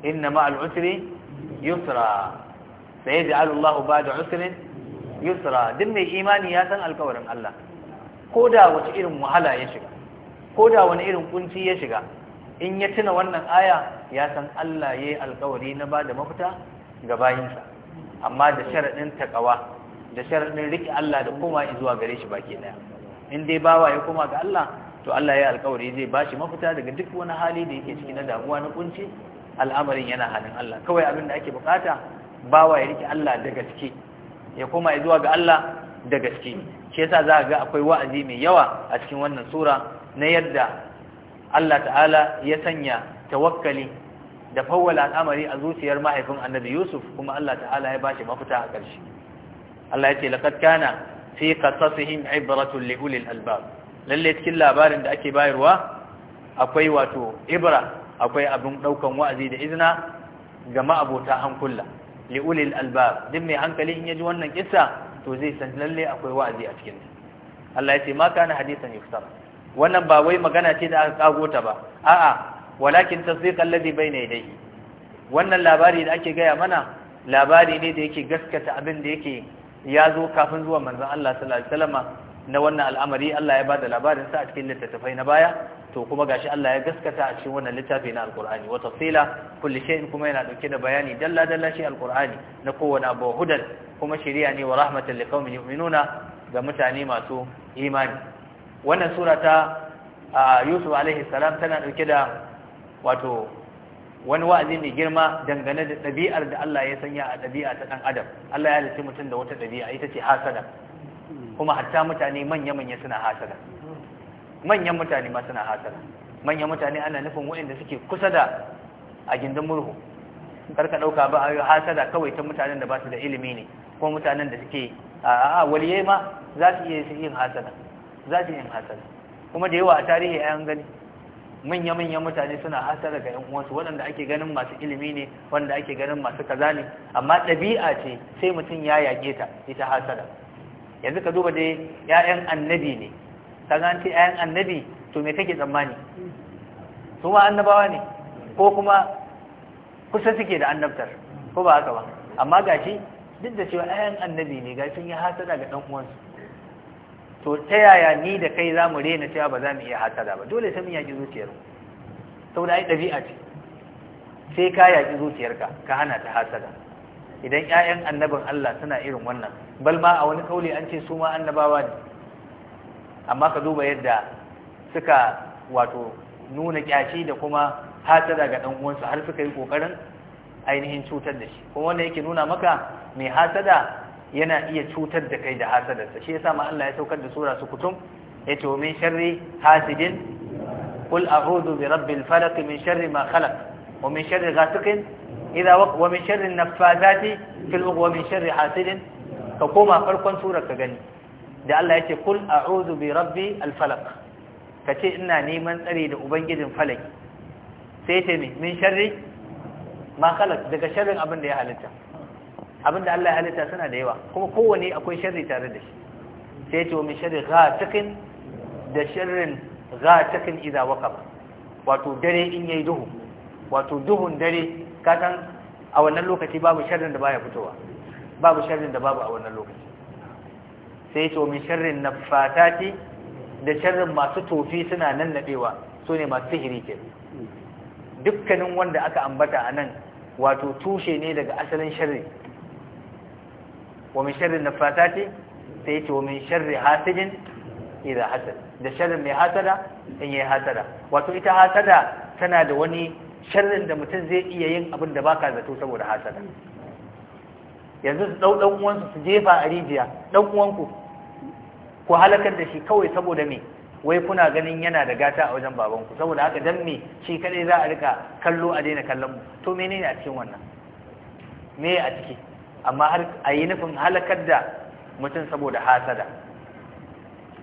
inna ma al'usri yusra sai da ba'da usrin yusra duk mai imani ya san alƙawarin Allah koda wace irin wahala ya shiga koda wani irin kunci ya shiga in ya tuna wannan aya ya san Allah ya yi alkawari na ba da mafita ga bayinsa amma da sharaɗin taƙawa da sharaɗin riƙe Allah da koma zuwa gare shi baki ɗaya in dai bawa ya koma ga Allah to Allah ya yi alkawari zai ba shi mafita daga duk wani hali da yake ciki na damuwa na kunci al'amarin yana halin Allah kawai abin da ake bukata bawa ya riƙe Allah da gaske ya koma zuwa ga Allah da gaske shi yasa za ga akwai wa'azi mai yawa a cikin wannan sura na yadda Allah ta'ala ya sanya tawakkali da fawwala al'amari a zuciyar mahaifin annabi Yusuf kuma Allah ta'ala ya bashi mafita a ƙarshe Allah ya ce laqad kana fi qasasihim ibratun li ulil albab lalle cikin labarin da ake bayarwa akwai wato ibra akwai abin daukan wa'azi da izina ga ma'abota hankula li ulil albab din mai hankali in yaji wannan kissa to zai san lalle akwai wa'azi a cikin Allah ya ce ma kana hadisan yuftara wannan ba wai magana ce da aka kago ta ba a'a walakin tasdiqan ladhi bayna yadayhi wannan labari da ake gaya mana labari ne da yake gaskata abin da yake ya zo kafin zuwa manzon Allah sallallahu alaihi wasallama na wannan al'amari Allah ya bada labarin sa a cikin littattafai na baya to kuma gashi Allah ya gaskata a cikin wannan littafi na alqur'ani wa tafsila kulli shay'in kuma yana dauke da bayani dalla dalla shi alqur'ani na kowane abu hudan kuma shari'a ne wa rahmatan liqaumin yu'minuna ga mutane masu imani wannan sura ta yusuf alaihi salam tana dauke da wato wani wa'azi mai girma dangane da ɗabi'ar da Allah ya sanya a ɗabi'a ta ɗan adam Allah ya halitta mutum da wata ɗabi'a ita ce hasada kuma hatta mutane manya-manya suna hasada manyan mutane ma suna hasada manyan mutane ana nufin waɗanda suke kusa da a gindin murhu karka ɗauka ba a hasada kawai ta mutanen da ba su da ilimi ne ko mutanen da suke a waliyai ma za su iya yin hasada za su yin hasar kuma da yawa a tarihi ayan gani manya-manyan mutane suna hasara ga yan uwansu waɗanda ake ganin masu ilimi ne wanda ake ganin masu kaza ne amma ɗabi'a ce sai mutum ya yaƙe ta ita hasara. yanzu ka duba dai 'ya'yan annabi ne ka ga ce ya'yan annabi to me kake tsammani su ma annabawa ne ko kuma kusa suke da annabtar ko ba haka ba amma gashi duk da cewa 'ya'yan annabi ne gashi sun yi hasara ga ɗan uwansu to ta yaya ni da kai za mu rena cewa ba za mu iya hasada ba dole sai mun yaƙi zuciyar mu saboda ai ɗabi'a ce sai ka yaƙi zuciyarka ka hana ta hasada idan ƴaƴan annabin Allah suna irin wannan bal ma a wani kauli an ce su ma annabawa ne amma ka duba yadda suka wato nuna kyashi da kuma hasada ga ɗan uwansu har suka yi ƙoƙarin ainihin cutar da shi kuma wanda yake nuna maka mai hasada yana iya cutar da kai da hasadarsa shi yasa ma Allah ya saukar da sura su kutum yace wa min sharri hasidin qul a'udhu bi rabbil falaq min sharri ma khalaq wa min sharri ghasiqin idha waqab wa min sharri nafathati fil 'uqad wa min sharri hasidin ka koma farkon sura ka gani da Allah yace qul a'udhu bi rabbi al falaq kace ina neman tsare da ubangijin falaki sai ce min sharri ma khalaq daga sharrin abin da ya halitta abinda Allah ya halitta suna da yawa kuma kowane akwai sharri tare da shi sai ya ce wani sharri cikin da sharrin iza waka ba wato dare in yayi duhu wato duhun dare katan a wannan lokaci babu sharrin da baya fitowa babu sharrin da babu a wannan lokaci sai ya ce wani sharrin fatati da sharrin masu tofi suna nan nadewa ne masu sihiri ke dukkanin wanda aka ambata anan wato tushe ne daga asalin sharri wa min sharri nafasati sai yace wa min sharri hasidin idza hasad da sharrin mai hasada in hasada wato ita hasada tana da wani sharrin da mutum zai iya yin abin da baka zato saboda hasada yanzu su dau dan uwansu su jefa a rijiya dan uwanku ku halakar da shi kawai saboda me wai kuna ganin yana da gata a wajen babanku saboda haka dan me shi kadai za a rika kallo a daina kallon mu to menene a cikin wannan me a ciki amma har a yi nufin halakar da mutum saboda hasada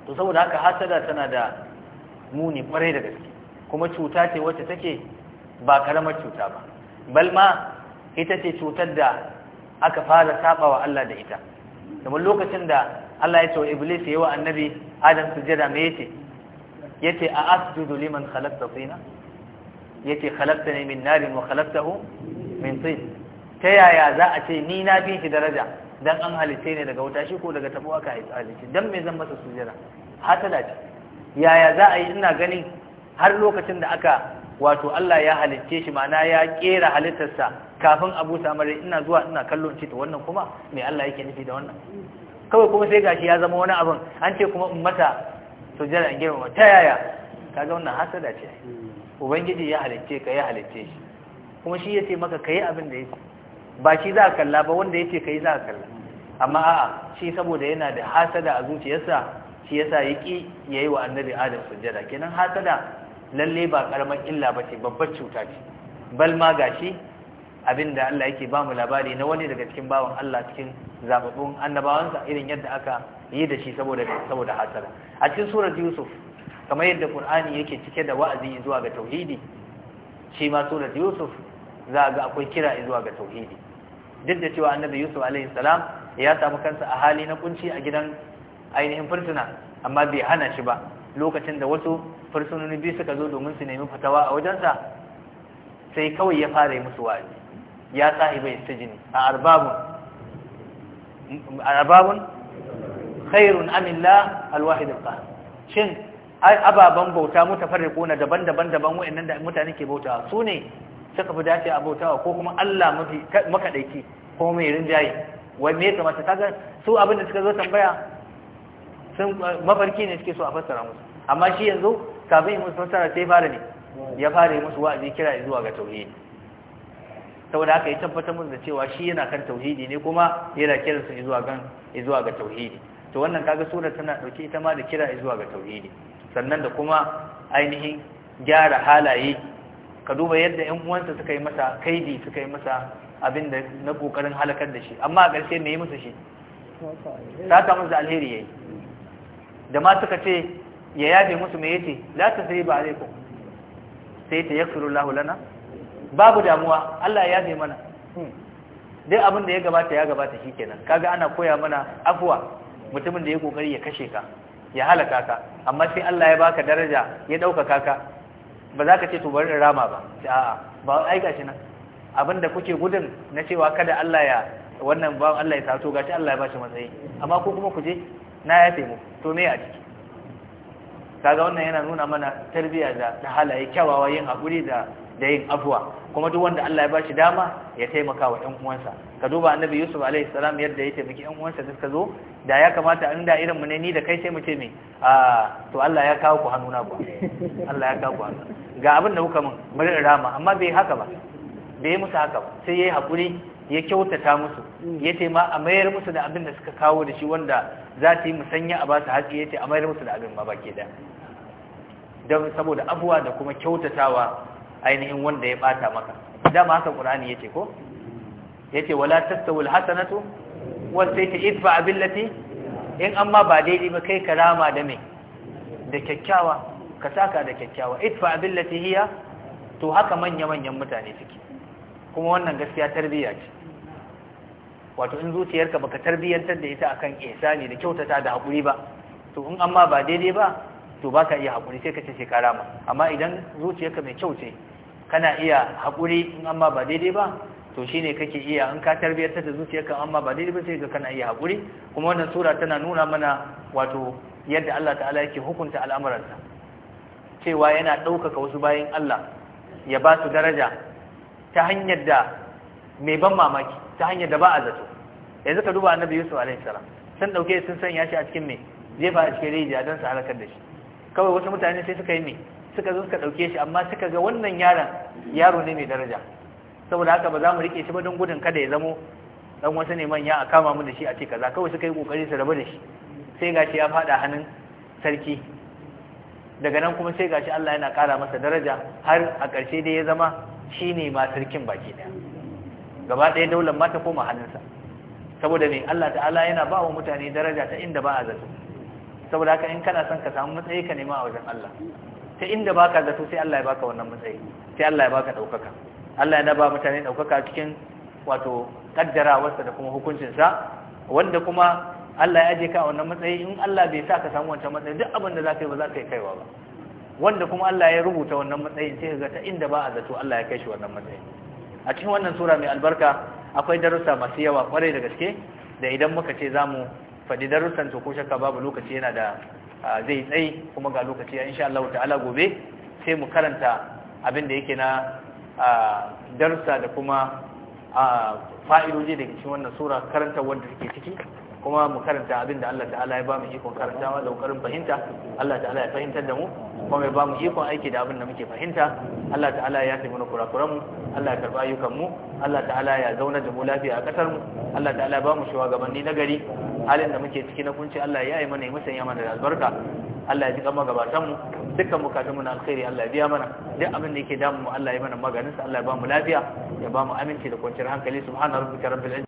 to saboda haka hasada tana da muni kwarai da gaske kuma cuta ce wacce take ba karamar cuta ba balma ita ce cutar da aka fara saba wa Allah da ita kuma lokacin da Allah ya ce wa iblis yayi wa annabi adam jira me yace yace a asjudu liman khalaqta tina yace khalaqtani min narin wa khalaqtahu min tin ta yaya za a ce ni na fi shi daraja dan an halice ne daga wuta shi ko daga tabo aka halice dan me zan masa sujada da ce yaya za a yi ina ganin har lokacin da aka wato Allah ya halicce shi ma'ana ya kera halittarsa kafin Abu Samari ina zuwa ina kallon ce to wannan kuma me Allah yake nufi da wannan kawai kuma sai gashi ya zama wani abin an ce kuma ummata sujada an girma ta yaya kaga wannan hasada ce ubangiji ya halicce ka ya halicce shi kuma shi yace maka kai abin da yake ba shi za a kalla ba wanda yace kai za a kalla amma a'a shi saboda yana da hasada a zuciyarsa shi yasa ya yi wa annabi adam sujjada kenan hasada lalle ba karamar illa bace babbar cuta ce bal ma ga abin abinda Allah yake ba mu labari na wani daga cikin bawan Allah cikin zaɓaɓɓun annabawansa irin yadda aka yi da shi saboda saboda hasada a cikin surar Yusuf kamar yadda Qur'ani yake cike da wa'azi zuwa ga tauhidi shi ma surar Yusuf za a ga akwai kira zuwa ga tauhidi duk da cewa annabi yusuf alaihi salam ya samu kansa a hali na kunci a gidan ainihin fursuna amma bai hana shi ba lokacin da wasu fursunoni biyu suka zo domin su nemi fatawa a wajensa sai kawai ya fara yi musu wa'azi ya sahibai sijini a arbabun arbabun khairun amillah alwahid alqahar shin ababan bauta mutafarriquna daban-daban daban wa'annan da mutane ke bautawa sune. ta fi dace bautawa ko kuma Allah mafi makaɗaiki ko mai rinjaye wai me kamata kaga su abin da suka zo tambaya sun mafarki ne suke so a fassara musu amma shi yanzu kafin musu fassara sai fara ne ya fara musu wa'azi kira zuwa ga tauhidi saboda haka ya tabbatar musu da cewa shi yana kan tauhidi ne kuma yana kiran su zuwa gan zuwa ga tauhidi to wannan kaga sura tana dauke ita ma da kira zuwa ga tauhidi sannan da kuma ainihin gyara halaye ka duba yadda ƴan uwansa suka yi masa kaidi suka yi masa abin da na kokarin halakar da shi amma a ƙarshe me yi masa shi saka musu alheri ya yi. da ma suka ce ya yafe musu me yace la ba alaikum sai ta yaghfiru Allahu lana babu damuwa Allah ya yafe mana duk abin da ya gabata ya gabata kenan kaga ana koya mana afuwa mutumin da ya kokari ya kashe ka ya halaka ka amma sai Allah ya baka daraja ya ɗaukaka ka ba za ka ce tubar da rama ba a'a ba ai shi nan abinda kuke gudun na cewa kada Allah ya wannan ba Allah ya sato gashi Allah ya ba shi matsayi amma ko kuma ku je na yafe mu to me a ciki kaga wannan yana nuna mana tarbiyya da halaye kyawawa yin haƙuri da da yin afuwa kuma duk wanda Allah ya bashi dama ya taimaka wa ɗan uwansa ka duba annabi Yusuf alaihi salam yadda ya taimaki ɗan uwansa da suka zo da ya kamata an da irin mu ni da kai sai mu ce me a to Allah ya kawo ku hannuna ku Allah ya kawo ku hannu ga abin da kuka mun bari rama amma bai haka ba bai musu haka ba sai yayi hakuri ya kyautata musu ya ce ma a mayar musu da abin da suka kawo da shi wanda za ta yi musanya a ba su haƙi ya ce a mayar musu da abin ma ke da don saboda abuwa da kuma kyautatawa ainihin wanda ya bata maka dama haka qur'ani yace ko yace wala tastawul hasanatu wal sayyi'atu idfa billati in amma ba daidai ba kai karama da me da kyakkyawa ka saka da kyakkyawa idfa billati hiya to haka manya manyan mutane suke kuma wannan gaskiya tarbiyya ce wato in zuciyarka baka tarbiyyantar da ita akan ihsani da kyautata da hakuri ba to in amma ba daidai ba to baka iya hakuri sai ka ce sai karama amma idan zuciyarka mai kyau ce kana iya haƙuri in amma ba daidai ba to shi ne kake iya in ka tarbiyyar da zuciyarka amma ba daidai ba sai ka kana iya haƙuri kuma wannan sura tana nuna mana wato yadda Allah ta'ala yake hukunta al'amuransa cewa yana ɗaukaka wasu bayan Allah ya ba su daraja ta hanyar da mai ban mamaki ta hanyar da ba a zato yanzu ka duba annabi Yusuf alaihi salam sun dauke sun sanya shi a cikin me jefa a cikin rijiya don su halakar da shi kawai wasu mutane sai suka yi me suka zo suka dauke shi amma suka ga wannan yaron yaro ne mai daraja saboda haka ba za mu rike shi ba don gudun kada ya zamo dan wasu ne manya a kama mu da shi a ce kaza kawai suka yi kokari su rabu da shi sai gashi ya fada hannun sarki daga nan kuma sai gashi Allah yana kara masa daraja har a ƙarshe dai ya zama shine ma sarkin baki daya gaba ɗaya daular ma ta koma hannunsa saboda ne Allah ta'ala yana ba wa mutane daraja ta inda ba a zato saboda haka in kana son ka samu matsayi ka nema a wajen Allah ta inda baka zato sai Allah ya baka wannan matsayi sai Allah ya baka daukaka Allah ya ba mutane daukaka cikin wato kaddarawarsa da kuma hukuncinsa wanda kuma Allah ya aje ka a wannan matsayi in Allah bai sa ka samu wancan matsayi duk abin da za ka yi ba za ka yi kaiwa ba wanda kuma Allah ya rubuta wannan matsayin sai ga ta inda ba a zato Allah ya kai shi wannan matsayi. a cikin wannan sura mai albarka akwai darussa masu yawa kwarai da gaske da idan muka ce za mu faɗi darussan to ko shakka babu lokaci yana da zai tsayi kuma ga lokaci ya insha Allah ta'ala gobe sai mu karanta abin da yake na darsa da kuma fa'idoji daga cikin wannan sura karanta wanda take ciki kuma mu karanta abin da Allah ta'ala ya ba mu ikon karantawa da ƙoƙarin fahimta Allah ta'ala ya fahimtar da mu kuma ya ba mu ikon aiki da abin da muke fahimta Allah ta'ala ya yafi mana kurakuran mu Allah ya karba ayyukan mu Allah ta'ala ya zauna da mu lafiya a ƙasar mu Allah ta'ala ya ba mu shugabanni na gari halin da muke ciki na kunci Allah ya yi mana ya musanya mana da albarka Allah ya ji kama gabatan mu dukkan bukatun mu na alkhairi Allah ya biya mana duk abin da yake damu mu Allah ya yi mana maganin sa Allah ya ba mu lafiya ya ba mu aminci da kwanciyar hankali subhana rabbika rabbil